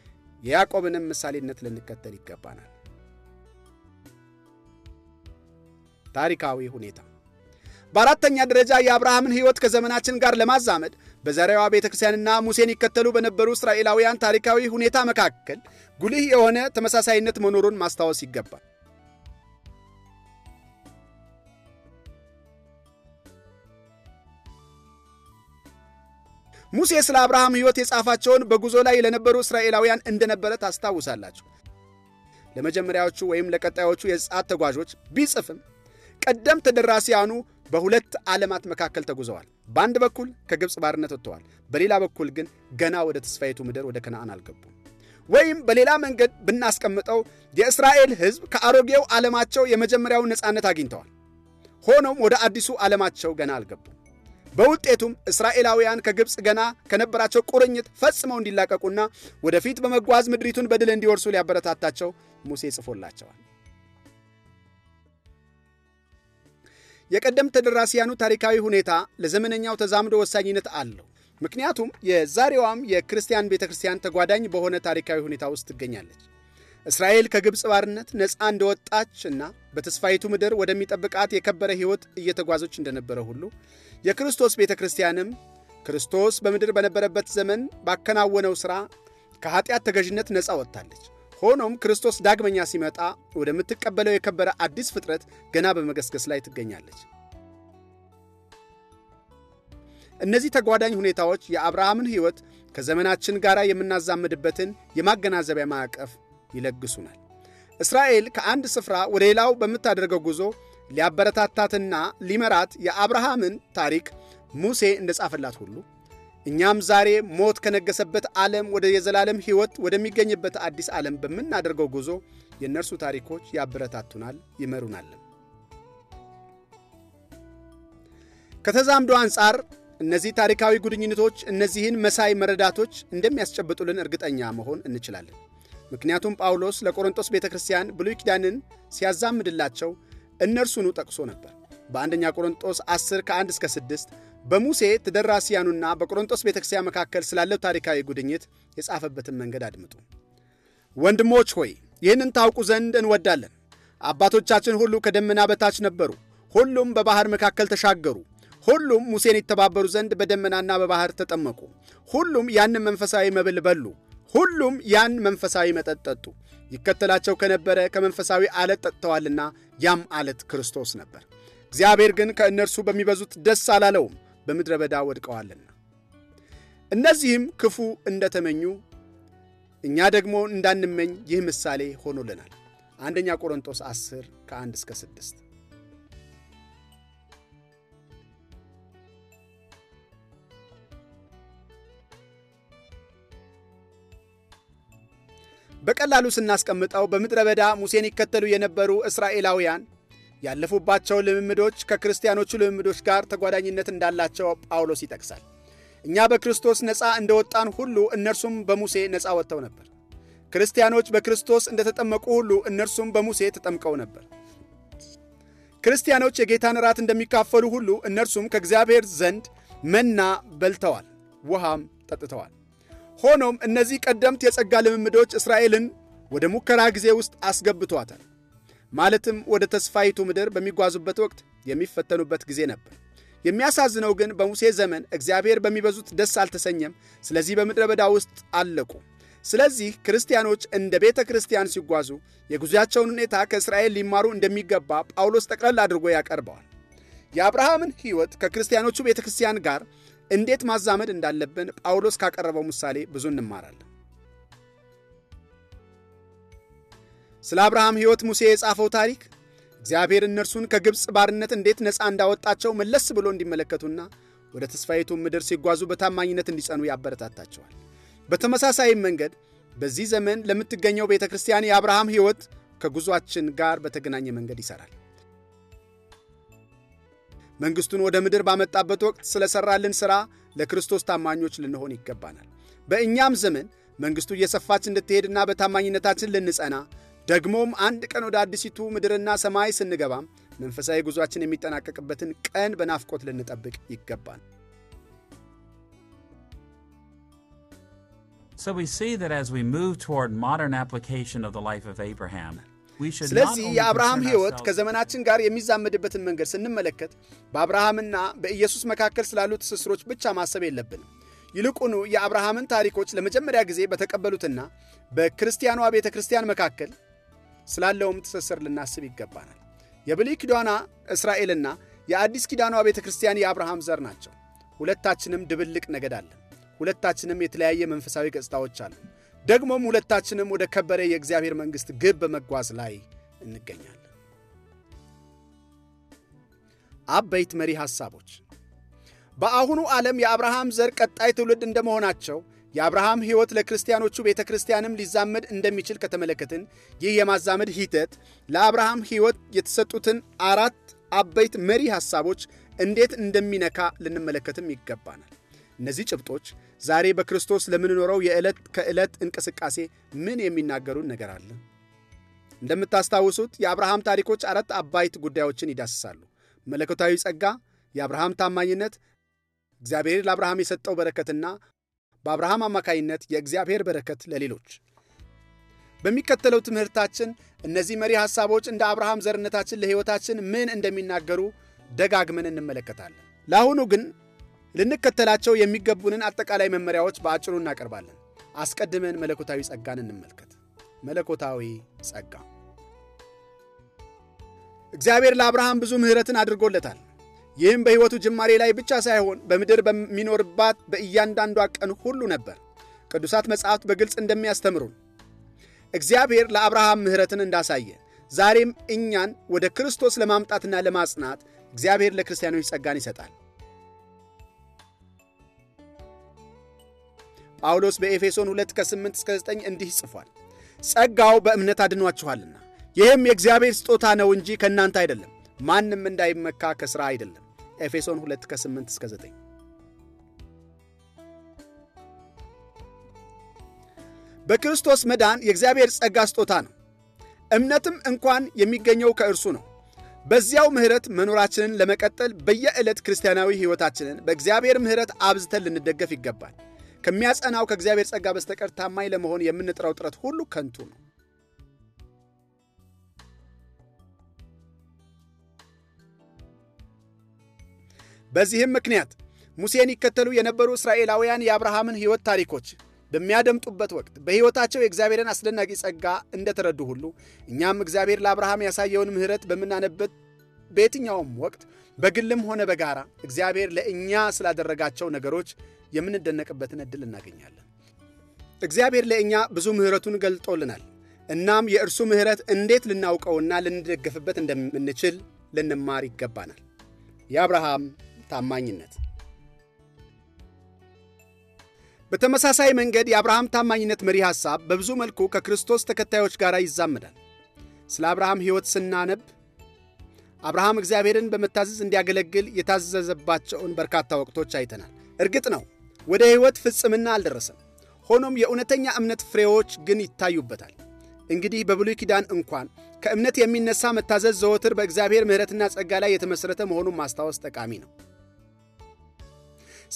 A: የያዕቆብንም ምሳሌነት ልንከተል ይገባናል። ታሪካዊ ሁኔታ በአራተኛ ደረጃ የአብርሃምን ሕይወት ከዘመናችን ጋር ለማዛመድ በዛሬዋ ቤተ ክርስቲያንና ሙሴን ይከተሉ በነበሩ እስራኤላውያን ታሪካዊ ሁኔታ መካከል ጉልህ የሆነ ተመሳሳይነት መኖሩን ማስታወስ ይገባል። ሙሴ ስለ አብርሃም ሕይወት የጻፋቸውን በጉዞ ላይ ለነበሩ እስራኤላውያን እንደነበረ ታስታውሳላችሁ። ለመጀመሪያዎቹ ወይም ለቀጣዮቹ የፀዓት ተጓዦች ቢጽፍም ቀደም ተደራሲያኑ በሁለት ዓለማት መካከል ተጉዘዋል። በአንድ በኩል ከግብፅ ባርነት ወጥተዋል፣ በሌላ በኩል ግን ገና ወደ ተስፋይቱ ምድር ወደ ከነአን አልገቡም። ወይም በሌላ መንገድ ብናስቀምጠው የእስራኤል ሕዝብ ከአሮጌው ዓለማቸው የመጀመሪያውን ነፃነት አግኝተዋል። ሆኖም ወደ አዲሱ ዓለማቸው ገና አልገቡም። በውጤቱም እስራኤላውያን ከግብፅ ገና ከነበራቸው ቁርኝት ፈጽመው እንዲላቀቁና ወደፊት በመጓዝ ምድሪቱን በድል እንዲወርሱ ሊያበረታታቸው ሙሴ ጽፎላቸዋል። የቀደምት ደራሲያኑ ታሪካዊ ሁኔታ ለዘመነኛው ተዛምዶ ወሳኝነት አለው። ምክንያቱም የዛሬዋም የክርስቲያን ቤተ ክርስቲያን ተጓዳኝ በሆነ ታሪካዊ ሁኔታ ውስጥ ትገኛለች። እስራኤል ከግብፅ ባርነት ነፃ እንደወጣች እና በተስፋይቱ ምድር ወደሚጠብቃት የከበረ ሕይወት እየተጓዘች እንደነበረ ሁሉ የክርስቶስ ቤተ ክርስቲያንም ክርስቶስ በምድር በነበረበት ዘመን ባከናወነው ሥራ ከኃጢአት ተገዥነት ነፃ ወጥታለች። ሆኖም ክርስቶስ ዳግመኛ ሲመጣ ወደምትቀበለው የከበረ አዲስ ፍጥረት ገና በመገስገስ ላይ ትገኛለች። እነዚህ ተጓዳኝ ሁኔታዎች የአብርሃምን ሕይወት ከዘመናችን ጋር የምናዛምድበትን የማገናዘቢያ ማዕቀፍ ይለግሱናል። እስራኤል ከአንድ ስፍራ ወደ ሌላው በምታደርገው ጉዞ ሊያበረታታትና ሊመራት የአብርሃምን ታሪክ ሙሴ እንደጻፈላት ሁሉ እኛም ዛሬ ሞት ከነገሰበት ዓለም ወደ የዘላለም ሕይወት ወደሚገኝበት አዲስ ዓለም በምናደርገው ጉዞ የእነርሱ ታሪኮች ያበረታቱናል፣ ይመሩናልም። ከተዛምዶ አንጻር እነዚህ ታሪካዊ ጉድኝነቶች እነዚህን መሳይ መረዳቶች እንደሚያስጨብጡልን እርግጠኛ መሆን እንችላለን። ምክንያቱም ጳውሎስ ለቆሮንጦስ ቤተ ክርስቲያን ብሉይ ኪዳንን ሲያዛምድላቸው እነርሱኑ ጠቅሶ ነበር። በአንደኛ ቆሮንጦስ 10 ከ1 እስከ 6 በሙሴ ተደራሲያኑና በቆሮንጦስ ቤተክርስቲያን መካከል ስላለው ታሪካዊ ጉድኝት የጻፈበትን መንገድ አድምጡ። ወንድሞች ሆይ ይህንን ታውቁ ዘንድ እንወዳለን። አባቶቻችን ሁሉ ከደመና በታች ነበሩ፣ ሁሉም በባህር መካከል ተሻገሩ። ሁሉም ሙሴን ይተባበሩ ዘንድ በደመናና በባህር ተጠመቁ። ሁሉም ያንን መንፈሳዊ መብል በሉ፣ ሁሉም ያን መንፈሳዊ መጠጥ ጠጡ። ይከተላቸው ከነበረ ከመንፈሳዊ አለት ጠጥተዋልና ያም አለት ክርስቶስ ነበር። እግዚአብሔር ግን ከእነርሱ በሚበዙት ደስ አላለውም በምድረ በዳ ወድቀዋልና እነዚህም ክፉ እንደተመኙ እኛ ደግሞ እንዳንመኝ ይህ ምሳሌ ሆኖልናል። አንደኛ ቆሮንጦስ 10 ከ1 እስከ 6። በቀላሉ ስናስቀምጠው በምድረ በዳ ሙሴን ይከተሉ የነበሩ እስራኤላውያን ያለፉባቸው ልምምዶች ከክርስቲያኖቹ ልምምዶች ጋር ተጓዳኝነት እንዳላቸው ጳውሎስ ይጠቅሳል። እኛ በክርስቶስ ነፃ እንደወጣን ሁሉ እነርሱም በሙሴ ነፃ ወጥተው ነበር። ክርስቲያኖች በክርስቶስ እንደተጠመቁ ሁሉ እነርሱም በሙሴ ተጠምቀው ነበር። ክርስቲያኖች የጌታን ራት እንደሚካፈሉ ሁሉ እነርሱም ከእግዚአብሔር ዘንድ መና በልተዋል፣ ውሃም ጠጥተዋል። ሆኖም እነዚህ ቀደምት የጸጋ ልምምዶች እስራኤልን ወደ ሙከራ ጊዜ ውስጥ አስገብቷታል። ማለትም ወደ ተስፋይቱ ምድር በሚጓዙበት ወቅት የሚፈተኑበት ጊዜ ነበር። የሚያሳዝነው ግን በሙሴ ዘመን እግዚአብሔር በሚበዙት ደስ አልተሰኘም። ስለዚህ በምድረ በዳ ውስጥ አለቁ። ስለዚህ ክርስቲያኖች እንደ ቤተ ክርስቲያን ሲጓዙ የጉዞያቸውን ሁኔታ ከእስራኤል ሊማሩ እንደሚገባ ጳውሎስ ጠቅለል አድርጎ ያቀርበዋል። የአብርሃምን ሕይወት ከክርስቲያኖቹ ቤተ ክርስቲያን ጋር እንዴት ማዛመድ እንዳለብን ጳውሎስ ካቀረበው ምሳሌ ብዙ እንማራለን። ስለ አብርሃም ሕይወት ሙሴ የጻፈው ታሪክ እግዚአብሔር እነርሱን ከግብፅ ባርነት እንዴት ነፃ እንዳወጣቸው መለስ ብሎ እንዲመለከቱና ወደ ተስፋይቱ ምድር ሲጓዙ በታማኝነት እንዲጸኑ ያበረታታቸዋል። በተመሳሳይም መንገድ በዚህ ዘመን ለምትገኘው ቤተ ክርስቲያን የአብርሃም ሕይወት ከጉዟችን ጋር በተገናኘ መንገድ ይሠራል። መንግሥቱን ወደ ምድር ባመጣበት ወቅት ሠራልን ሥራ ለክርስቶስ ታማኞች ልንሆን ይገባናል። በእኛም ዘመን መንግሥቱ እየሰፋች እንድትሄድና በታማኝነታችን ልንጸና ደግሞም አንድ ቀን ወደ አዲሲቱ ምድርና ሰማይ ስንገባ መንፈሳዊ ጉዟችን የሚጠናቀቅበትን ቀን በናፍቆት ልንጠብቅ ይገባል።
B: ስለዚህ የአብርሃም ሕይወት ከዘመናችን
A: ጋር የሚዛመድበትን መንገድ ስንመለከት በአብርሃምና በኢየሱስ መካከል ስላሉ ትስስሮች ብቻ ማሰብ የለብንም። ይልቁኑ የአብርሃምን ታሪኮች ለመጀመሪያ ጊዜ በተቀበሉትና በክርስቲያኗ ቤተ ክርስቲያን መካከል ስላለውም ትስስር ልናስብ ይገባናል። የብሉይ ኪዳኗ እስራኤልና የአዲስ ኪዳኗ ቤተ ክርስቲያን የአብርሃም ዘር ናቸው። ሁለታችንም ድብልቅ ነገድ አለን። ሁለታችንም የተለያየ መንፈሳዊ ገጽታዎች አሉ። ደግሞም ሁለታችንም ወደ ከበረ የእግዚአብሔር መንግሥት ግብ በመጓዝ ላይ እንገኛለን። አበይት መሪ ሐሳቦች በአሁኑ ዓለም የአብርሃም ዘር ቀጣይ ትውልድ እንደመሆናቸው የአብርሃም ሕይወት ለክርስቲያኖቹ ቤተ ክርስቲያንም ሊዛመድ እንደሚችል ከተመለከትን ይህ የማዛመድ ሂደት ለአብርሃም ሕይወት የተሰጡትን አራት አበይት መሪ ሐሳቦች እንዴት እንደሚነካ ልንመለከትም ይገባናል። እነዚህ ጭብጦች ዛሬ በክርስቶስ ለምንኖረው የዕለት ከዕለት እንቅስቃሴ ምን የሚናገሩን ነገር አለ? እንደምታስታውሱት የአብርሃም ታሪኮች አራት አባይት ጉዳዮችን ይዳስሳሉ። መለኮታዊ ጸጋ፣ የአብርሃም ታማኝነት፣ እግዚአብሔር ለአብርሃም የሰጠው በረከትና በአብርሃም አማካይነት የእግዚአብሔር በረከት ለሌሎች። በሚከተለው ትምህርታችን እነዚህ መሪ ሐሳቦች እንደ አብርሃም ዘርነታችን ለሕይወታችን ምን እንደሚናገሩ ደጋግመን እንመለከታለን። ለአሁኑ ግን ልንከተላቸው የሚገቡንን አጠቃላይ መመሪያዎች በአጭሩ እናቀርባለን። አስቀድመን መለኮታዊ ጸጋን እንመልከት። መለኮታዊ ጸጋ እግዚአብሔር ለአብርሃም ብዙ ምሕረትን አድርጎለታል። ይህም በሕይወቱ ጅማሬ ላይ ብቻ ሳይሆን በምድር በሚኖርባት በእያንዳንዷ ቀን ሁሉ ነበር። ቅዱሳት መጻሕፍት በግልጽ እንደሚያስተምሩን እግዚአብሔር ለአብርሃም ምሕረትን እንዳሳየ ዛሬም እኛን ወደ ክርስቶስ ለማምጣትና ለማጽናት እግዚአብሔር ለክርስቲያኖች ጸጋን ይሰጣል። ጳውሎስ በኤፌሶን 2 ከ8 እስከ 9 እንዲህ ጽፏል፣ ጸጋው በእምነት አድኗችኋልና ይህም የእግዚአብሔር ስጦታ ነው እንጂ ከእናንተ አይደለም፣ ማንም እንዳይመካ ከሥራ አይደለም። ኤፌሶን 2 ከ8 እስከ 9 በክርስቶስ መዳን የእግዚአብሔር ጸጋ ስጦታ ነው። እምነትም እንኳን የሚገኘው ከእርሱ ነው። በዚያው ምህረት መኖራችንን ለመቀጠል በየዕለት ክርስቲያናዊ ሕይወታችንን በእግዚአብሔር ምህረት አብዝተን ልንደገፍ ይገባል። ከሚያጸናው ከእግዚአብሔር ጸጋ በስተቀር ታማኝ ለመሆን የምንጥረው ጥረት ሁሉ ከንቱ ነው። በዚህም ምክንያት ሙሴን ይከተሉ የነበሩ እስራኤላውያን የአብርሃምን ሕይወት ታሪኮች በሚያደምጡበት ወቅት በሕይወታቸው የእግዚአብሔርን አስደናቂ ጸጋ እንደተረዱ ሁሉ እኛም እግዚአብሔር ለአብርሃም ያሳየውን ምሕረት በምናነበት በየትኛውም ወቅት በግልም ሆነ በጋራ እግዚአብሔር ለእኛ ስላደረጋቸው ነገሮች የምንደነቅበትን ዕድል እናገኛለን። እግዚአብሔር ለእኛ ብዙ ምሕረቱን ገልጦልናል። እናም የእርሱ ምሕረት እንዴት ልናውቀውና ልንደገፍበት እንደምንችል ልንማር ይገባናል። የአብርሃም ታማኝነት በተመሳሳይ መንገድ የአብርሃም ታማኝነት መሪ ሐሳብ በብዙ መልኩ ከክርስቶስ ተከታዮች ጋር ይዛመዳል። ስለ አብርሃም ሕይወት ስናነብ አብርሃም እግዚአብሔርን በመታዘዝ እንዲያገለግል የታዘዘባቸውን በርካታ ወቅቶች አይተናል። እርግጥ ነው ወደ ሕይወት ፍጽምና አልደረሰም። ሆኖም የእውነተኛ እምነት ፍሬዎች ግን ይታዩበታል። እንግዲህ በብሉይ ኪዳን እንኳን ከእምነት የሚነሳ መታዘዝ ዘወትር በእግዚአብሔር ምሕረትና ጸጋ ላይ የተመሠረተ መሆኑን ማስታወስ ጠቃሚ ነው።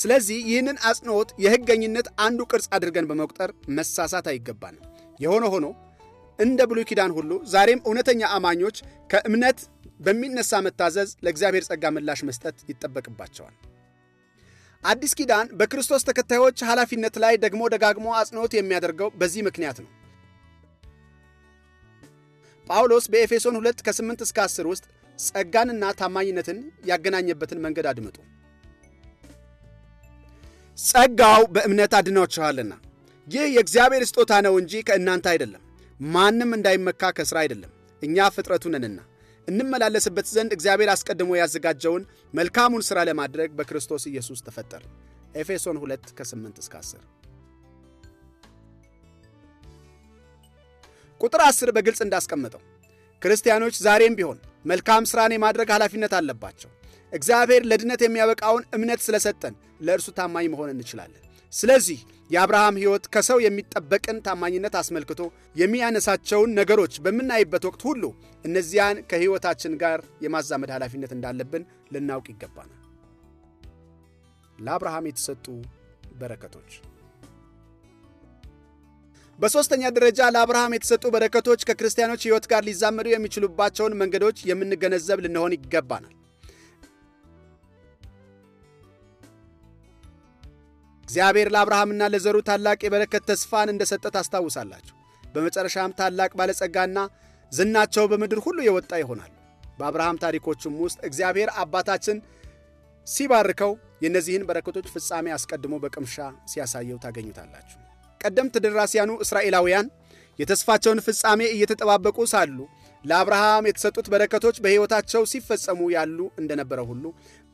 A: ስለዚህ ይህንን አጽንኦት የሕገኝነት አንዱ ቅርጽ አድርገን በመቁጠር መሳሳት አይገባንም። የሆነ ሆኖ እንደ ብሉይ ኪዳን ሁሉ ዛሬም እውነተኛ አማኞች ከእምነት በሚነሳ መታዘዝ ለእግዚአብሔር ጸጋ ምላሽ መስጠት ይጠበቅባቸዋል። አዲስ ኪዳን በክርስቶስ ተከታዮች ኃላፊነት ላይ ደግሞ ደጋግሞ አጽንኦት የሚያደርገው በዚህ ምክንያት ነው። ጳውሎስ በኤፌሶን 2 ከ8 እስከ 10 ውስጥ ጸጋንና ታማኝነትን ያገናኘበትን መንገድ አድምጡ። ጸጋው በእምነት አድናችኋልና ይህ የእግዚአብሔር ስጦታ ነው እንጂ ከእናንተ አይደለም፣ ማንም እንዳይመካ ከሥራ አይደለም። እኛ ፍጥረቱ ነንና እንመላለስበት ዘንድ እግዚአብሔር አስቀድሞ ያዘጋጀውን መልካሙን ሥራ ለማድረግ በክርስቶስ ኢየሱስ ተፈጠር። ኤፌሶን 2 ከ8 እስከ 10። ቁጥር 10 በግልጽ እንዳስቀመጠው ክርስቲያኖች ዛሬም ቢሆን መልካም ሥራን የማድረግ ኃላፊነት አለባቸው። እግዚአብሔር ለድነት የሚያበቃውን እምነት ስለሰጠን ለእርሱ ታማኝ መሆን እንችላለን። ስለዚህ የአብርሃም ሕይወት ከሰው የሚጠበቅን ታማኝነት አስመልክቶ የሚያነሳቸውን ነገሮች በምናይበት ወቅት ሁሉ እነዚያን ከሕይወታችን ጋር የማዛመድ ኃላፊነት እንዳለብን ልናውቅ ይገባናል። ለአብርሃም የተሰጡ በረከቶች። በሦስተኛ ደረጃ ለአብርሃም የተሰጡ በረከቶች ከክርስቲያኖች ሕይወት ጋር ሊዛመዱ የሚችሉባቸውን መንገዶች የምንገነዘብ ልንሆን ይገባናል። እግዚአብሔር ለአብርሃምና ለዘሩ ታላቅ የበረከት ተስፋን እንደሰጠ ታስታውሳላችሁ። በመጨረሻም ታላቅ ባለጸጋና ዝናቸው በምድር ሁሉ የወጣ ይሆናል። በአብርሃም ታሪኮችም ውስጥ እግዚአብሔር አባታችን ሲባርከው የእነዚህን በረከቶች ፍጻሜ አስቀድሞ በቅምሻ ሲያሳየው ታገኙታላችሁ። ቀደምት ደራሲያኑ እስራኤላውያን የተስፋቸውን ፍጻሜ እየተጠባበቁ ሳሉ ለአብርሃም የተሰጡት በረከቶች በሕይወታቸው ሲፈጸሙ ያሉ እንደነበረ ሁሉ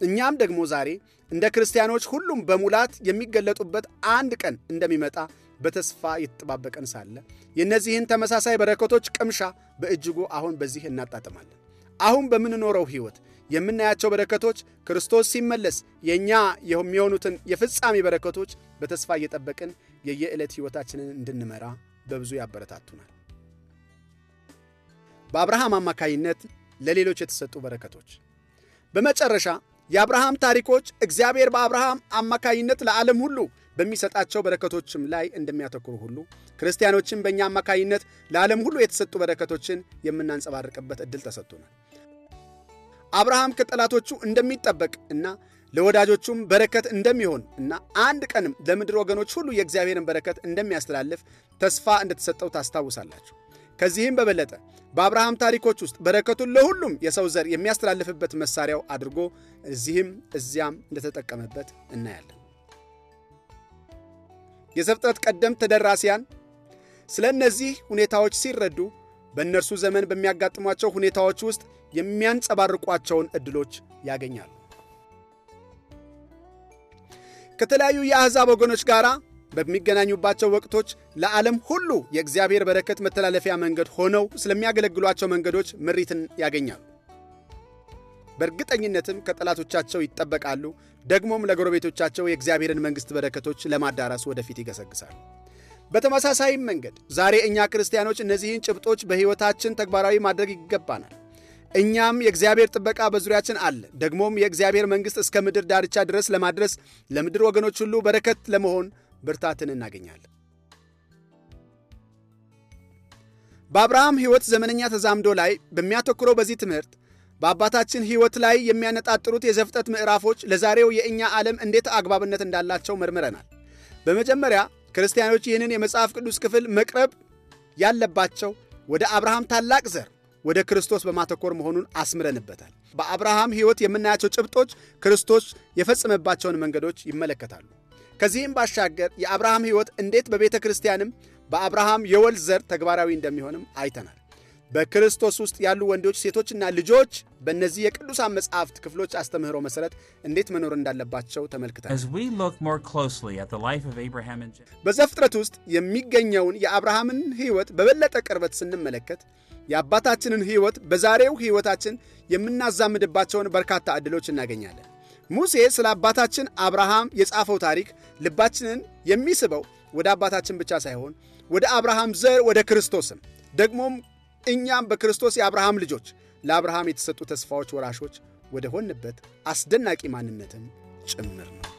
A: እኛም ደግሞ ዛሬ እንደ ክርስቲያኖች ሁሉም በሙላት የሚገለጡበት አንድ ቀን እንደሚመጣ በተስፋ የተጠባበቀን ሳለ የእነዚህን ተመሳሳይ በረከቶች ቅምሻ በእጅጉ አሁን በዚህ እናጣጥማለን። አሁን በምንኖረው ሕይወት የምናያቸው በረከቶች ክርስቶስ ሲመለስ የእኛ የሚሆኑትን የፍጻሜ በረከቶች በተስፋ እየጠበቅን የየዕለት ሕይወታችንን እንድንመራ በብዙ ያበረታቱናል። በአብርሃም አማካይነት ለሌሎች የተሰጡ በረከቶች በመጨረሻ የአብርሃም ታሪኮች እግዚአብሔር በአብርሃም አማካይነት ለዓለም ሁሉ በሚሰጣቸው በረከቶችም ላይ እንደሚያተኩሩ ሁሉ ክርስቲያኖችን በእኛ አማካይነት ለዓለም ሁሉ የተሰጡ በረከቶችን የምናንጸባርቅበት ዕድል ተሰጥቶናል። አብርሃም ከጠላቶቹ እንደሚጠበቅ እና ለወዳጆቹም በረከት እንደሚሆን እና አንድ ቀንም ለምድር ወገኖች ሁሉ የእግዚአብሔርን በረከት እንደሚያስተላልፍ ተስፋ እንደተሰጠው ታስታውሳላችሁ። ከዚህም በበለጠ በአብርሃም ታሪኮች ውስጥ በረከቱን ለሁሉም የሰው ዘር የሚያስተላልፍበት መሳሪያው አድርጎ እዚህም እዚያም እንደተጠቀመበት እናያለን። የዘፍጥረት ቀደምት ተደራሲያን ስለ እነዚህ ሁኔታዎች ሲረዱ በእነርሱ ዘመን በሚያጋጥሟቸው ሁኔታዎች ውስጥ የሚያንጸባርቋቸውን ዕድሎች ያገኛሉ። ከተለያዩ የአሕዛብ ወገኖች ጋር በሚገናኙባቸው ወቅቶች ለዓለም ሁሉ የእግዚአብሔር በረከት መተላለፊያ መንገድ ሆነው ስለሚያገለግሏቸው መንገዶች ምሪትን ያገኛሉ። በእርግጠኝነትም ከጠላቶቻቸው ይጠበቃሉ። ደግሞም ለጎረቤቶቻቸው የእግዚአብሔርን መንግሥት በረከቶች ለማዳረስ ወደፊት ይገሰግሳሉ። በተመሳሳይም መንገድ ዛሬ እኛ ክርስቲያኖች እነዚህን ጭብጦች በሕይወታችን ተግባራዊ ማድረግ ይገባናል። እኛም የእግዚአብሔር ጥበቃ በዙሪያችን አለ። ደግሞም የእግዚአብሔር መንግሥት እስከ ምድር ዳርቻ ድረስ ለማድረስ ለምድር ወገኖች ሁሉ በረከት ለመሆን ብርታትን እናገኛለን። በአብርሃም ሕይወት ዘመነኛ ተዛምዶ ላይ በሚያተኩረው በዚህ ትምህርት በአባታችን ሕይወት ላይ የሚያነጣጥሩት የዘፍጠት ምዕራፎች ለዛሬው የእኛ ዓለም እንዴት አግባብነት እንዳላቸው መርምረናል። በመጀመሪያ ክርስቲያኖች ይህንን የመጽሐፍ ቅዱስ ክፍል መቅረብ ያለባቸው ወደ አብርሃም ታላቅ ዘር ወደ ክርስቶስ በማተኮር መሆኑን አስምረንበታል። በአብርሃም ሕይወት የምናያቸው ጭብጦች ክርስቶስ የፈጸመባቸውን መንገዶች ይመለከታሉ። ከዚህም ባሻገር የአብርሃም ሕይወት እንዴት በቤተ ክርስቲያንም በአብርሃም የወል ዘር ተግባራዊ እንደሚሆንም አይተናል። በክርስቶስ ውስጥ ያሉ ወንዶች፣ ሴቶችና ልጆች በእነዚህ የቅዱሳን መጽሐፍት ክፍሎች አስተምህሮ መሠረት እንዴት መኖር እንዳለባቸው ተመልክተናል። በዘፍጥረት ውስጥ የሚገኘውን የአብርሃምን ሕይወት በበለጠ ቅርበት ስንመለከት የአባታችንን ሕይወት በዛሬው ሕይወታችን የምናዛምድባቸውን በርካታ ዕድሎች እናገኛለን። ሙሴ ስለ አባታችን አብርሃም የጻፈው ታሪክ ልባችንን የሚስበው ወደ አባታችን ብቻ ሳይሆን ወደ አብርሃም ዘር ወደ ክርስቶስም ደግሞም እኛም በክርስቶስ የአብርሃም ልጆች ለአብርሃም የተሰጡ ተስፋዎች ወራሾች ወደ ሆንበት አስደናቂ ማንነትም ጭምር ነው።